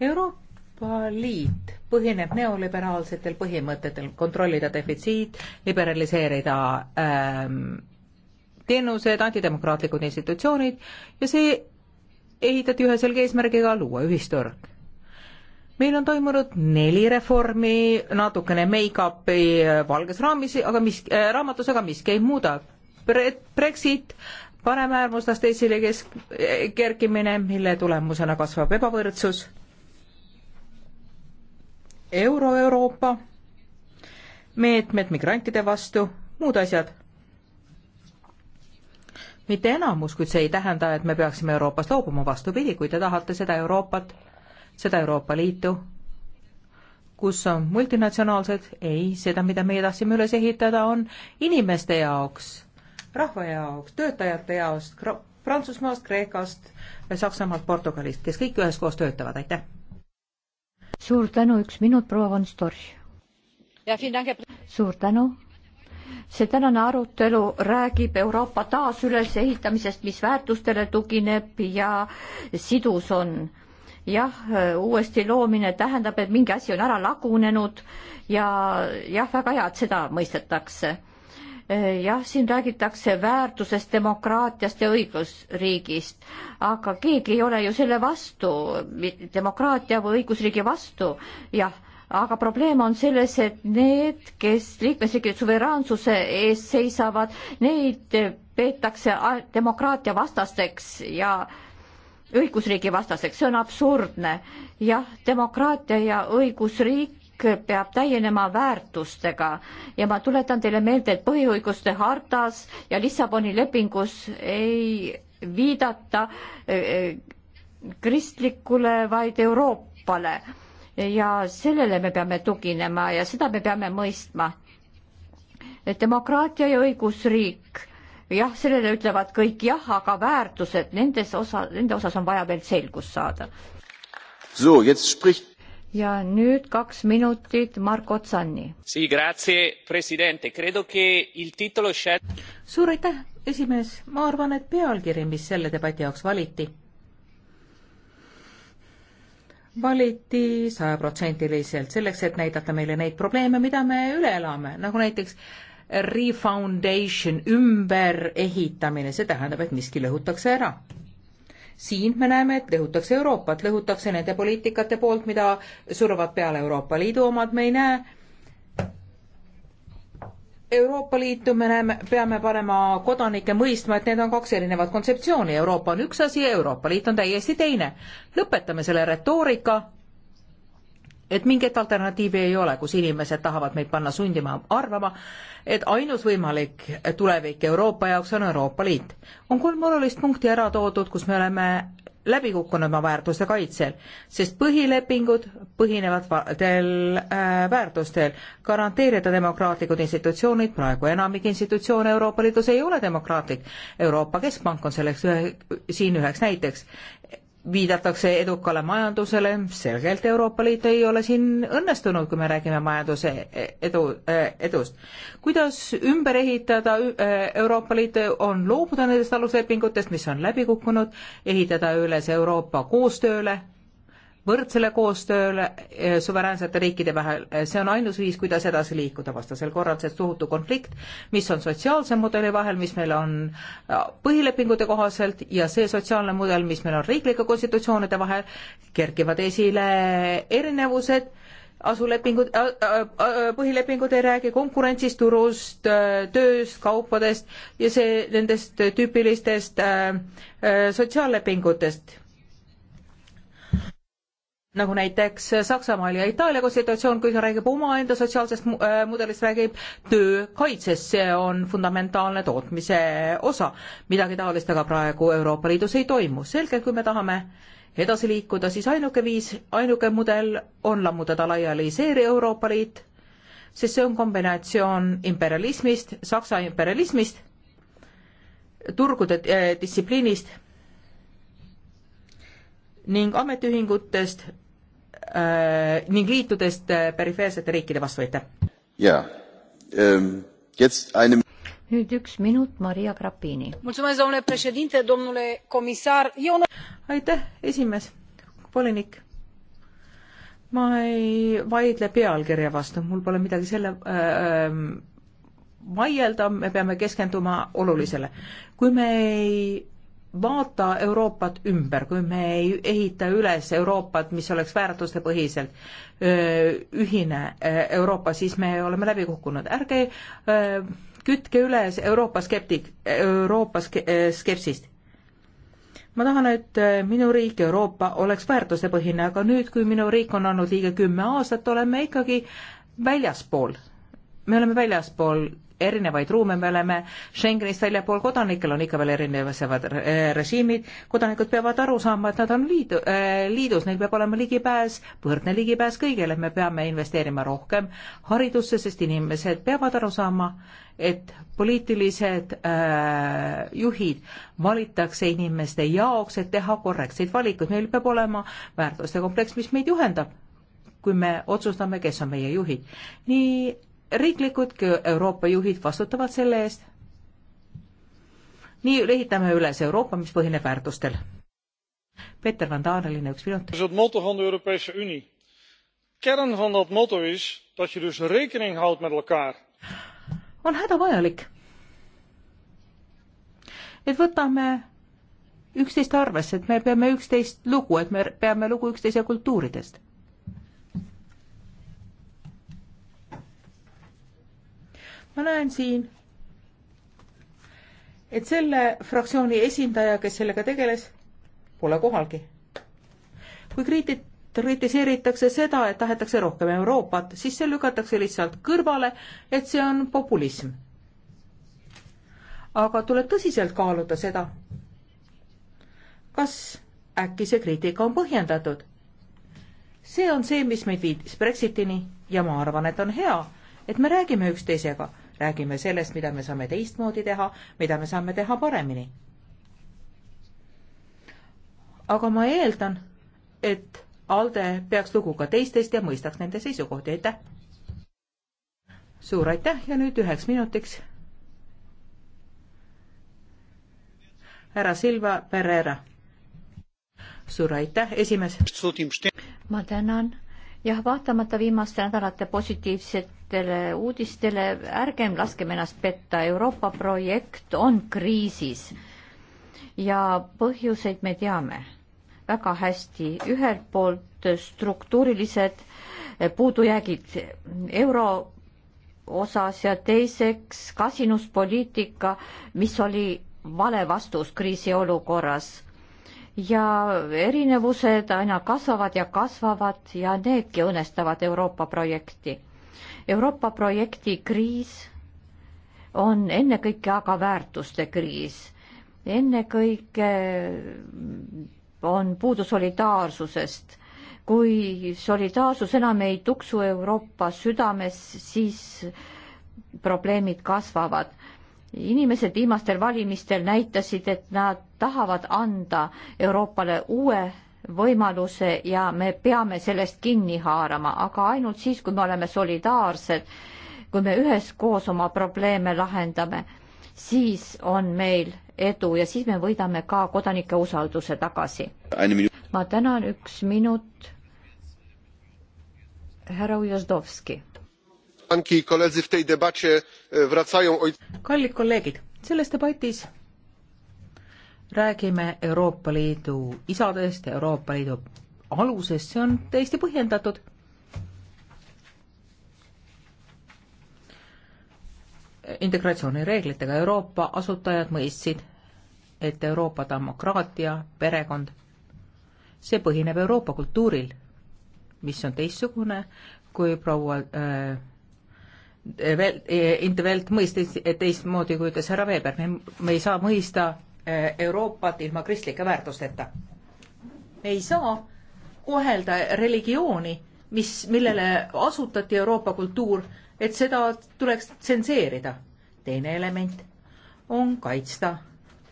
Euroopa Liit põhineb neoliberaalsetel põhimõtetel kontrollida defitsiit, liberaliseerida ähm, teenused, antidemokraatlikud institutsioonid ja see ehitati ühe selge eesmärgiga luua ühisturg. meil on toimunud neli reformi, natukene make-up'i äh, valges raamis, aga mis äh,, raamatus, aga miski ei muuda Bre. Brexit, paremäärmuslaste esile kesk-, kerkimine, mille tulemusena kasvab ebavõrdsus, Euro-Euroopa, meetmed migrantide vastu, muud asjad mitte enamus, kuid see ei tähenda, et me peaksime Euroopast loobuma, vastupidi, kui te tahate seda Euroopat, seda Euroopa Liitu, kus on multinatsionaalsed, ei, seda, mida meie tahtsime üles ehitada, on inimeste jaoks, rahva jaoks, töötajate jaoks, Prantsusmaast, Kreekast, Saksamaalt, Portugalist, kes kõik üheskoos töötavad, aitäh! suur tänu, üks minut, proua von Storch! suur tänu! see tänane arutelu räägib Euroopa taasülesehitamisest, mis väärtustele tugineb ja sidus on. jah, uuesti loomine tähendab, et mingi asi on ära lagunenud ja jah, väga hea, et seda mõistetakse. jah, siin räägitakse väärtusest, demokraatiast ja õigusriigist, aga keegi ei ole ju selle vastu, demokraatia või õigusriigi vastu, jah aga probleem on selles, et need, kes liikmesriigid suveräänsuse eest seisavad, neid peetakse demokraatia vastasteks ja õigusriigi vastaseks, see on absurdne. jah, demokraatia ja õigusriik peab täienema väärtustega ja ma tuletan teile meelde, et põhiõiguste hartas ja Lissaboni lepingus ei viidata eh, eh, kristlikule, vaid Euroopale ja sellele me peame tuginema ja seda me peame mõistma. demokraatia ja õigusriik, jah, sellele ütlevad kõik jah, aga väärtused, nendes osa, nende osas on vaja veel selgust saada. ja nüüd kaks minutit Marko Tsanni. suur aitäh, esimees, ma arvan, et pealkiri, mis selle debati jaoks valiti valiti sajaprotsendiliselt selleks, et näidata meile neid probleeme, mida me üle elame, nagu näiteks refoundation, ümberehitamine, see tähendab, et miski lõhutakse ära. siin me näeme, et lõhutakse Euroopat, lõhutakse nende poliitikate poolt, mida suruvad peale Euroopa Liidu omad, me ei näe Euroopa Liitu me näeme, peame panema kodanikke mõistma, et need on kaks erinevat kontseptsiooni, Euroopa on üks asi, Euroopa Liit on täiesti teine. lõpetame selle retoorika, et mingit alternatiivi ei ole, kus inimesed tahavad meid panna sundima arvama, et ainus võimalik tulevik Euroopa jaoks on Euroopa Liit. on kolm olulist punkti ära toodud, kus me oleme läbi kukkunud oma väärtuste kaitsel, sest põhilepingud põhinevad valdel äh, väärtustel. garanteerida demokraatlikud institutsioonid, praegu enamik institutsioone Euroopa Liidus ei ole demokraatlik. Euroopa Keskpank on selleks ühe, siin üheks näiteks viidatakse edukale majandusele, selgelt Euroopa Liit ei ole siin õnnestunud, kui me räägime majanduse edu, eh, edust. kuidas ümber ehitada eh, Euroopa Liit, on loobuda nendest aluslepingutest, mis on läbi kukkunud, ehitada üles Euroopa koostööle võrdsele koostööle eh, suveräänsete riikide vahel, see on ainus viis, kuidas edasi liikuda, vastasel korral see tohutu konflikt, mis on sotsiaalse mudeli vahel, mis meil on äh, põhilepingute kohaselt ja see sotsiaalne mudel, mis meil on riiklike konstitutsioonide vahel, kerkivad esile erinevused, asulepingud, äh, äh, põhilepingud ei räägi konkurentsist, turust, tööst, kaupadest ja see nendest tüüpilistest sotsiaallepingutest nagu näiteks Saksamaal ja Itaalia konstitutsioon, kui ta räägib omaenda sotsiaalsest äh, mudelist, räägib töökaitsest, see on fundamentaalne tootmise osa. midagi taolist aga praegu Euroopa Liidus ei toimu, selgelt kui me tahame edasi liikuda, siis ainuke viis, ainuke mudel on lammutada laiali seeri Euroopa Liit, sest see on kombinatsioon imperialismist, Saksa imperialismist, turgude äh, distsipliinist ning ametiühingutest Äh, ning liitudest äh, perifeersete riikide vastu, aitäh! jaa, ähm, jetzt eine nüüd üks minut, Maria Grapini. aitäh, esimees, volinik ma ei vaidle pealkirja vastu, mul pole midagi selle äh, äh vaielda, me peame keskenduma olulisele. kui me ei vaata Euroopat ümber, kui me ei ehita üles Euroopat, mis oleks väärtustepõhiselt ühine Euroopa, siis me oleme läbi kukkunud. ärge kütke üles Euroopa skeptik, Euroopa skepsist. ma tahan, et minu riik Euroopa oleks väärtusepõhine, aga nüüd, kui minu riik on olnud liiga kümme aastat, oleme ikkagi väljaspool. me oleme väljaspool erinevaid ruume, me oleme Schengenist väljapool, kodanikel on ikka veel erinevad eh, režiimid, kodanikud peavad aru saama, et nad on liidu, eh, liidus, neil peab olema ligipääs, võrdne ligipääs kõigile, me peame investeerima rohkem haridusse, sest inimesed peavad aru saama, et poliitilised äh, juhid valitakse inimeste jaoks, et teha korrektseid valikuid, meil peab olema väärtuste kompleks, mis meid juhendab, kui me otsustame, kes on meie juhid. nii riiklikud kui Euroopa juhid vastutavad selle eest. nii ehitame üles Euroopa, mis põhineb väärtustel. Peeter Van Daaneline, üks minut. see on moto van de Europese Unie. kern van dat moto is dat je dus rekening houdt met elkaar. on hädavajalik, et võtame üksteist arvesse, et me peame üksteist lugu, et me peame lugu üksteise kultuuridest ma näen siin, et selle fraktsiooni esindaja, kes sellega tegeles, pole kohalgi. kui kriiti-, kritiseeritakse seda, et tahetakse rohkem Euroopat, siis see lükatakse lihtsalt kõrvale, et see on populism. aga tuleb tõsiselt kaaluda seda, kas äkki see kriitika on põhjendatud. see on see, mis meid viitis Brexitini ja ma arvan, et on hea, et me räägime üksteisega räägime sellest, mida me saame teistmoodi teha, mida me saame teha paremini. aga ma eeldan, et ALDE peaks lugu ka teistest ja mõistaks nende seisukohti, aitäh! suur aitäh ja nüüd üheks minutiks härra Silva Pereira. suur aitäh, esimees! ma tänan jah, vaatamata viimaste nädalate positiivsetele uudistele, ärgem laskem ennast petta, Euroopa projekt on kriisis. ja põhjuseid me teame väga hästi, ühelt poolt struktuurilised puudujäägid euro osas ja teiseks kasinuspoliitika, mis oli vale vastus kriisiolukorras ja erinevused aina kasvavad ja kasvavad ja needki õõnestavad Euroopa projekti. Euroopa projekti kriis on ennekõike aga väärtuste kriis. ennekõike on puudu solidaarsusest. kui solidaarsus enam ei tuksu Euroopa südames, siis probleemid kasvavad inimesed viimastel valimistel näitasid, et nad tahavad anda Euroopale uue võimaluse ja me peame sellest kinni haarama, aga ainult siis, kui me oleme solidaarsed, kui me üheskoos oma probleeme lahendame, siis on meil edu ja siis me võidame ka kodanike usalduse tagasi. ma tänan, üks minut. härra Ujazdovski E, kallid kolleegid, selles debatis räägime Euroopa Liidu isadest, Euroopa Liidu alusest, see on täiesti põhjendatud integratsioonireeglitega Euroopa asutajad mõistsid, et Euroopa demokraatia, perekond, see põhineb Euroopa kultuuril, mis on teistsugune kui proua äh, E, Intervelt mõistis teistmoodi, kui ütles härra Weber, me, me ei saa mõista e, Euroopat ilma kristlike väärtusteta. me ei saa kohelda religiooni, mis, millele asutati Euroopa kultuur, et seda tuleks tsenseerida. teine element on kaitsta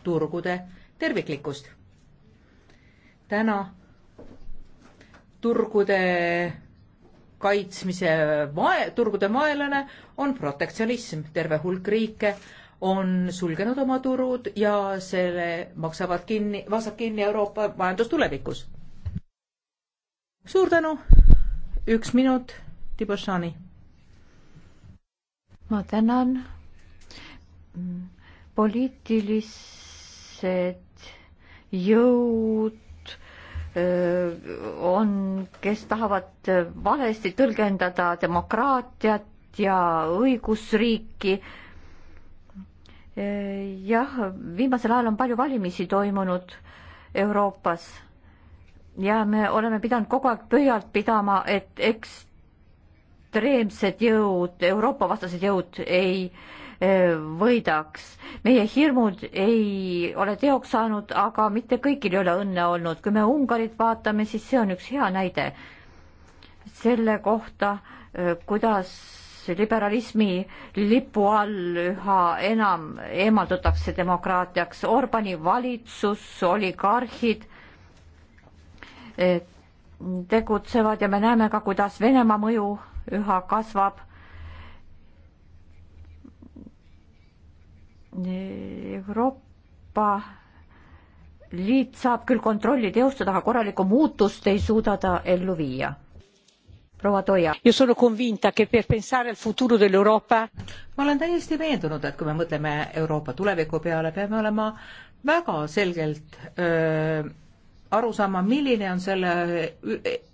turgude terviklikkust. täna turgude kaitsmise vae-, turgude vaenlane on protektsionism, terve hulk riike on sulgenud oma turud ja selle maksavad kinni, maksab kinni Euroopa majandus tulevikus. suur tänu, üks minut, Tibošani. ma tänan. Mm, poliitilised jõud on, kes tahavad valesti tõlgendada demokraatiat ja õigusriiki. jah, viimasel ajal on palju valimisi toimunud Euroopas ja me oleme pidanud kogu aeg pöialt pidama, et ekstreemsed jõud, Euroopa vastased jõud ei äh, E, võidaks. meie hirmud ei ole teoks saanud, aga mitte kõigil ei ole õnne olnud. kui me Ungarit vaatame, siis see on üks hea näide selle kohta, e, kuidas liberalismi lipu all üha enam eemaldutakse demokraatiaks. Orbani valitsus, oligarhid e, tegutsevad ja me näeme ka, kuidas Venemaa mõju üha kasvab Euroopa Liit saab küll kontrolli teostada, aga korralikku muutust ei suuda ta ellu viia. proua Toia. ma olen täiesti veendunud, et kui me mõtleme Euroopa tuleviku peale, peame olema väga selgelt öö, aru saama, milline on selle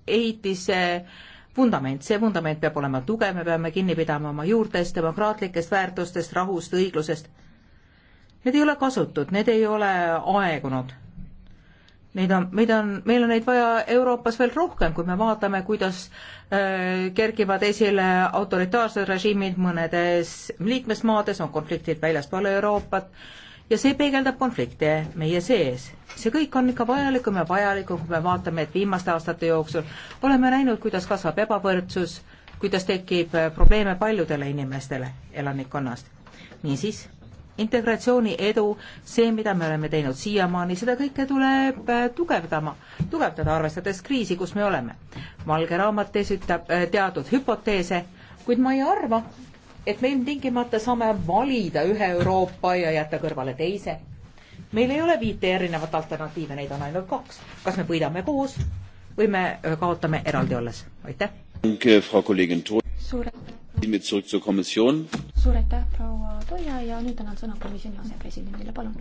ehitise vundament, see vundament peab olema tugev, me peame kinni pidama oma juurtest, demokraatlikest väärtustest, rahust, õiglusest Need ei ole kasutud, need ei ole aegunud. Neid on, meid on, meil on neid vaja Euroopas veel rohkem, kui me vaatame, kuidas äh, kerkivad esile autoritaarsed režiimid mõnedes liikmesmaades, on konfliktid väljaspool Euroopat ja see peegeldab konflikte meie sees. see kõik on ikka vajalikum ja vajalikum, kui me vaatame, et viimaste aastate jooksul oleme näinud, kuidas kasvab ebavõrdsus, kuidas tekib äh, probleeme paljudele inimestele elanikkonnast. niisiis integratsiooni edu, see, mida me oleme teinud siiamaani, seda kõike tuleb äh, tugevdama, tugevdada, arvestades kriisi, kus me oleme. valge raamat esitab äh, teatud hüpoteese, kuid ma ei arva, et me ilmtingimata saame valida ühe Euroopa ja jätta kõrvale teise. meil ei ole viite erinevat alternatiivi, neid on ainult kaks. kas me võidame koos või me äh, kaotame eraldi olles, aitäh! suur aitäh! suur aitäh, proua Toia ja nüüd annan sõna komisjoni asepresidendile, palun.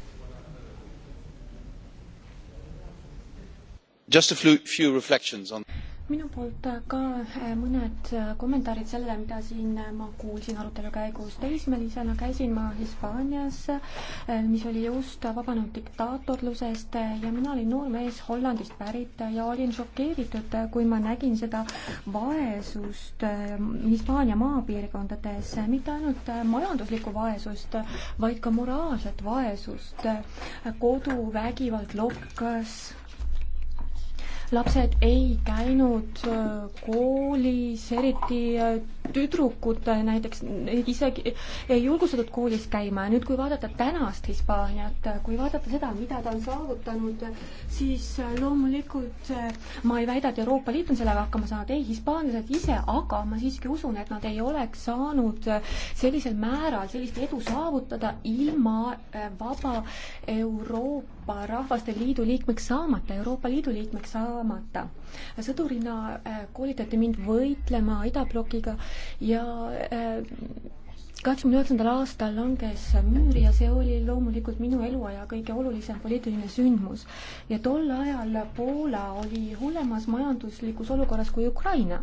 On minu poolt ka äh, mõned äh, kommentaarid sellele, mida siin äh, ma kuulsin arutelu käigus. teismelisena käisin ma Hispaanias, mis oli just vabanenud diktaatorlusest ja mina olin noor mees Hollandist pärit ja olin šokeeritud, kui ma nägin seda vaesust Hispaania maapiirkondades, mitte ainult majanduslikku vaesust, vaid ka moraalset vaesust. koduvägivald lokkas lapsed ei käinud äh, koolis, eriti äh, tüdrukud näiteks, neid isegi ei julgustatud koolis käima ja nüüd, kui vaadata tänast Hispaaniat, äh, kui vaadata seda, mida ta on saavutanud, siis loomulikult ma ei väida, et Euroopa Liit on sellega hakkama saanud, ei, hispaanlased ise, aga ma siiski usun, et nad ei oleks saanud sellisel määral sellist edu saavutada ilma vaba Euroopa Euroopa Rahvaste Liidu liikmeks saamata, Euroopa Liidu liikmeks saamata. sõdurina äh, koolitati mind võitlema idablokiga ja äh, kaheksakümne üheksandal aastal langes müür ja see oli loomulikult minu eluaja kõige olulisem poliitiline sündmus. ja tol ajal Poola oli hullemas majanduslikus olukorras kui Ukraina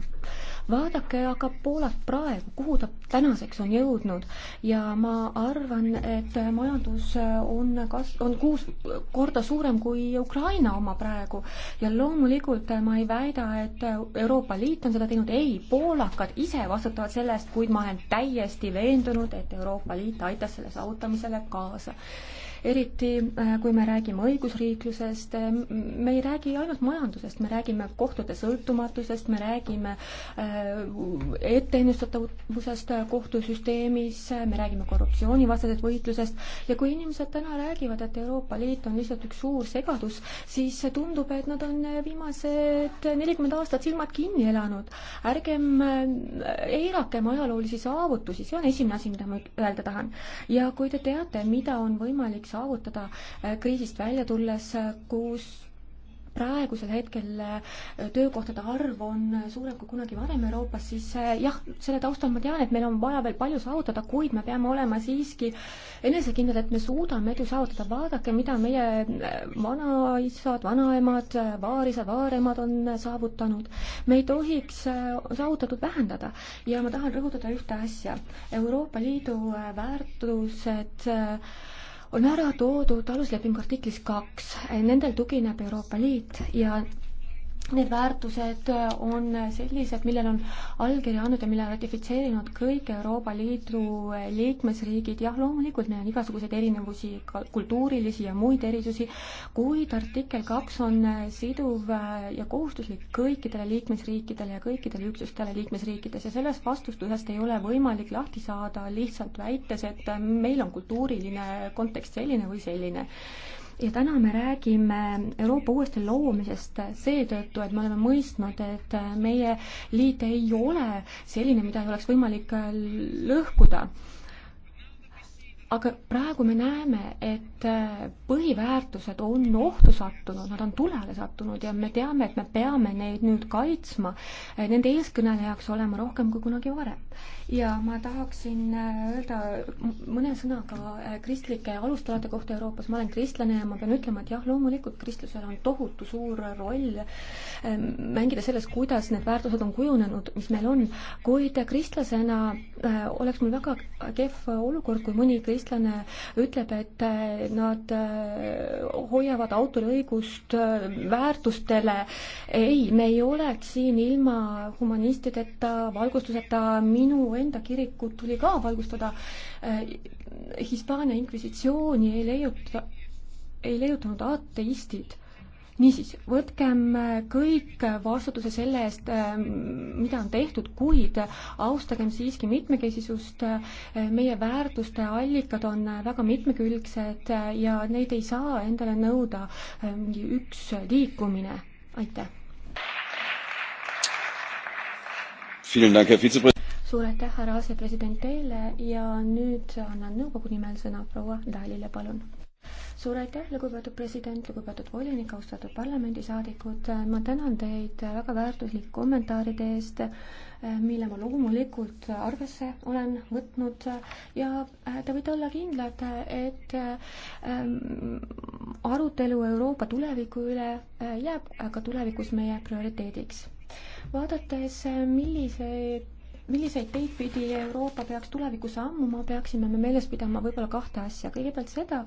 vaadake aga Poolat praegu, kuhu ta tänaseks on jõudnud ja ma arvan, et majandus on kas-, on kuus korda suurem kui Ukraina oma praegu ja loomulikult ma ei väida, et Euroopa Liit on seda teinud, ei, poolakad ise vastutavad selle eest, kuid ma olen täiesti veendunud, et Euroopa Liit aitas selle saavutamisele kaasa eriti äh, kui me räägime õigusriiklusest, äh, me ei räägi ainult majandusest, me räägime kohtute sõltumatusest, me räägime äh, etteennustatavusest kohtusüsteemis, me räägime korruptsioonivastasest võitlusest ja kui inimesed täna räägivad, et Euroopa Liit on lihtsalt üks suur segadus, siis tundub, et nad on viimased nelikümmend aastat silmad kinni elanud. ärgem eirakem ajaloolisi saavutusi, see on esimene asi, mida ma öelda tahan. ja kui te teate, mida on võimalik saada saavutada äh, kriisist välja tulles, äh, kus praegusel hetkel äh, töökohtade arv on suurem kui kunagi varem Euroopas, siis jah, selle taustal ma tean, et meil on vaja veel palju saavutada, kuid me peame olema siiski enesekindlad, et me suudame edu saavutada. vaadake, mida meie vanaisad, vanaemad, vaarisad, vaaremad on saavutanud. me ei tohiks saavutatud vähendada ja ma tahan rõhutada ühte asja. Euroopa Liidu väärtused äh, on ära toodud aluslepingu artiklis kaks, nendel tugineb Euroopa Liit ja Need väärtused on sellised, millele on allkirja andnud ja mille ratifitseerinud kõik Euroopa Liidu liikmesriigid. jah, loomulikult meil on igasuguseid erinevusi, ka kultuurilisi ja muid erisusi, kuid artikkel kaks on siduv ja kohustuslik kõikidele liikmesriikidele ja kõikidele üksustele liikmesriikides ja sellest vastustusest ei ole võimalik lahti saada lihtsalt väites, et meil on kultuuriline kontekst selline või selline ja täna me räägime Euroopa uuesti loomisest seetõttu, et me oleme mõistnud, et meie liit ei ole selline, mida ei oleks võimalik lõhkuda aga praegu me näeme, et äh, põhiväärtused on ohtu sattunud, nad on tulele sattunud ja me teame, et me peame neid nüüd kaitsma, äh, nende eeskõnelejaks olema rohkem kui kunagi varem. ja ma tahaksin äh, öelda mõne sõnaga kristlike alustalade kohta Euroopas, ma olen kristlane ja ma pean ütlema, et jah, loomulikult kristlusel on tohutu suur roll mängida selles, kuidas need väärtused on kujunenud, mis meil on, kuid kristlasena oleks mul väga kehv olukord, kui mõni kristlasena kristlane ütleb, et äh, nad äh, hoiavad autori õigust äh, väärtustele. ei, me ei oleks siin ilma humanistideta, valgustuseta, minu enda kirikut tuli ka valgustada. Hispaania inkvisitsiooni ei leiuta, ei leiutanud ateistid niisiis, võtkem äh, kõik vastutuse selle eest, äh, mida on tehtud, kuid austagem siiski mitmekesisust. Äh, meie väärtuste allikad on väga mitmekülgsed ja neid ei saa endale nõuda mingi üks liikumine. aitäh. suur aitäh, härra asepresident teile ja nüüd annan nõukogu nimel sõna proua Dalile, palun suur aitäh, lugupeetud president, lugupeetud volinik, austatud parlamendisaadikud, ma tänan teid väga väärtuslike kommentaaride eest, mille ma loomulikult arvesse olen võtnud ja te võite olla kindlad, et ähm, arutelu Euroopa tuleviku üle äh, jääb ka tulevikus meie prioriteediks. vaadates, millised milliseid teid pidi Euroopa peaks tulevikus ammuma, peaksime me meeles pidama võib-olla kahte asja. kõigepealt seda,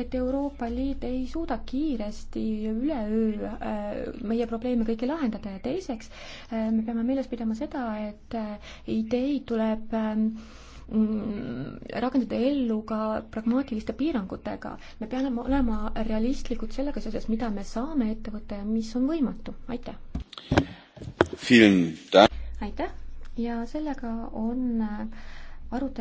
et Euroopa Liit ei suuda kiiresti üleöö äh, meie probleeme kõiki lahendada ja teiseks äh, me peame meeles pidama seda, et äh, ideid tuleb ähm, mm, rakendada ellu ka pragmaatiliste piirangutega. me peame olema realistlikud sellega seoses, mida me saame ette võtta ja mis on võimatu. aitäh! aitäh! ja sellega on äh, arutelu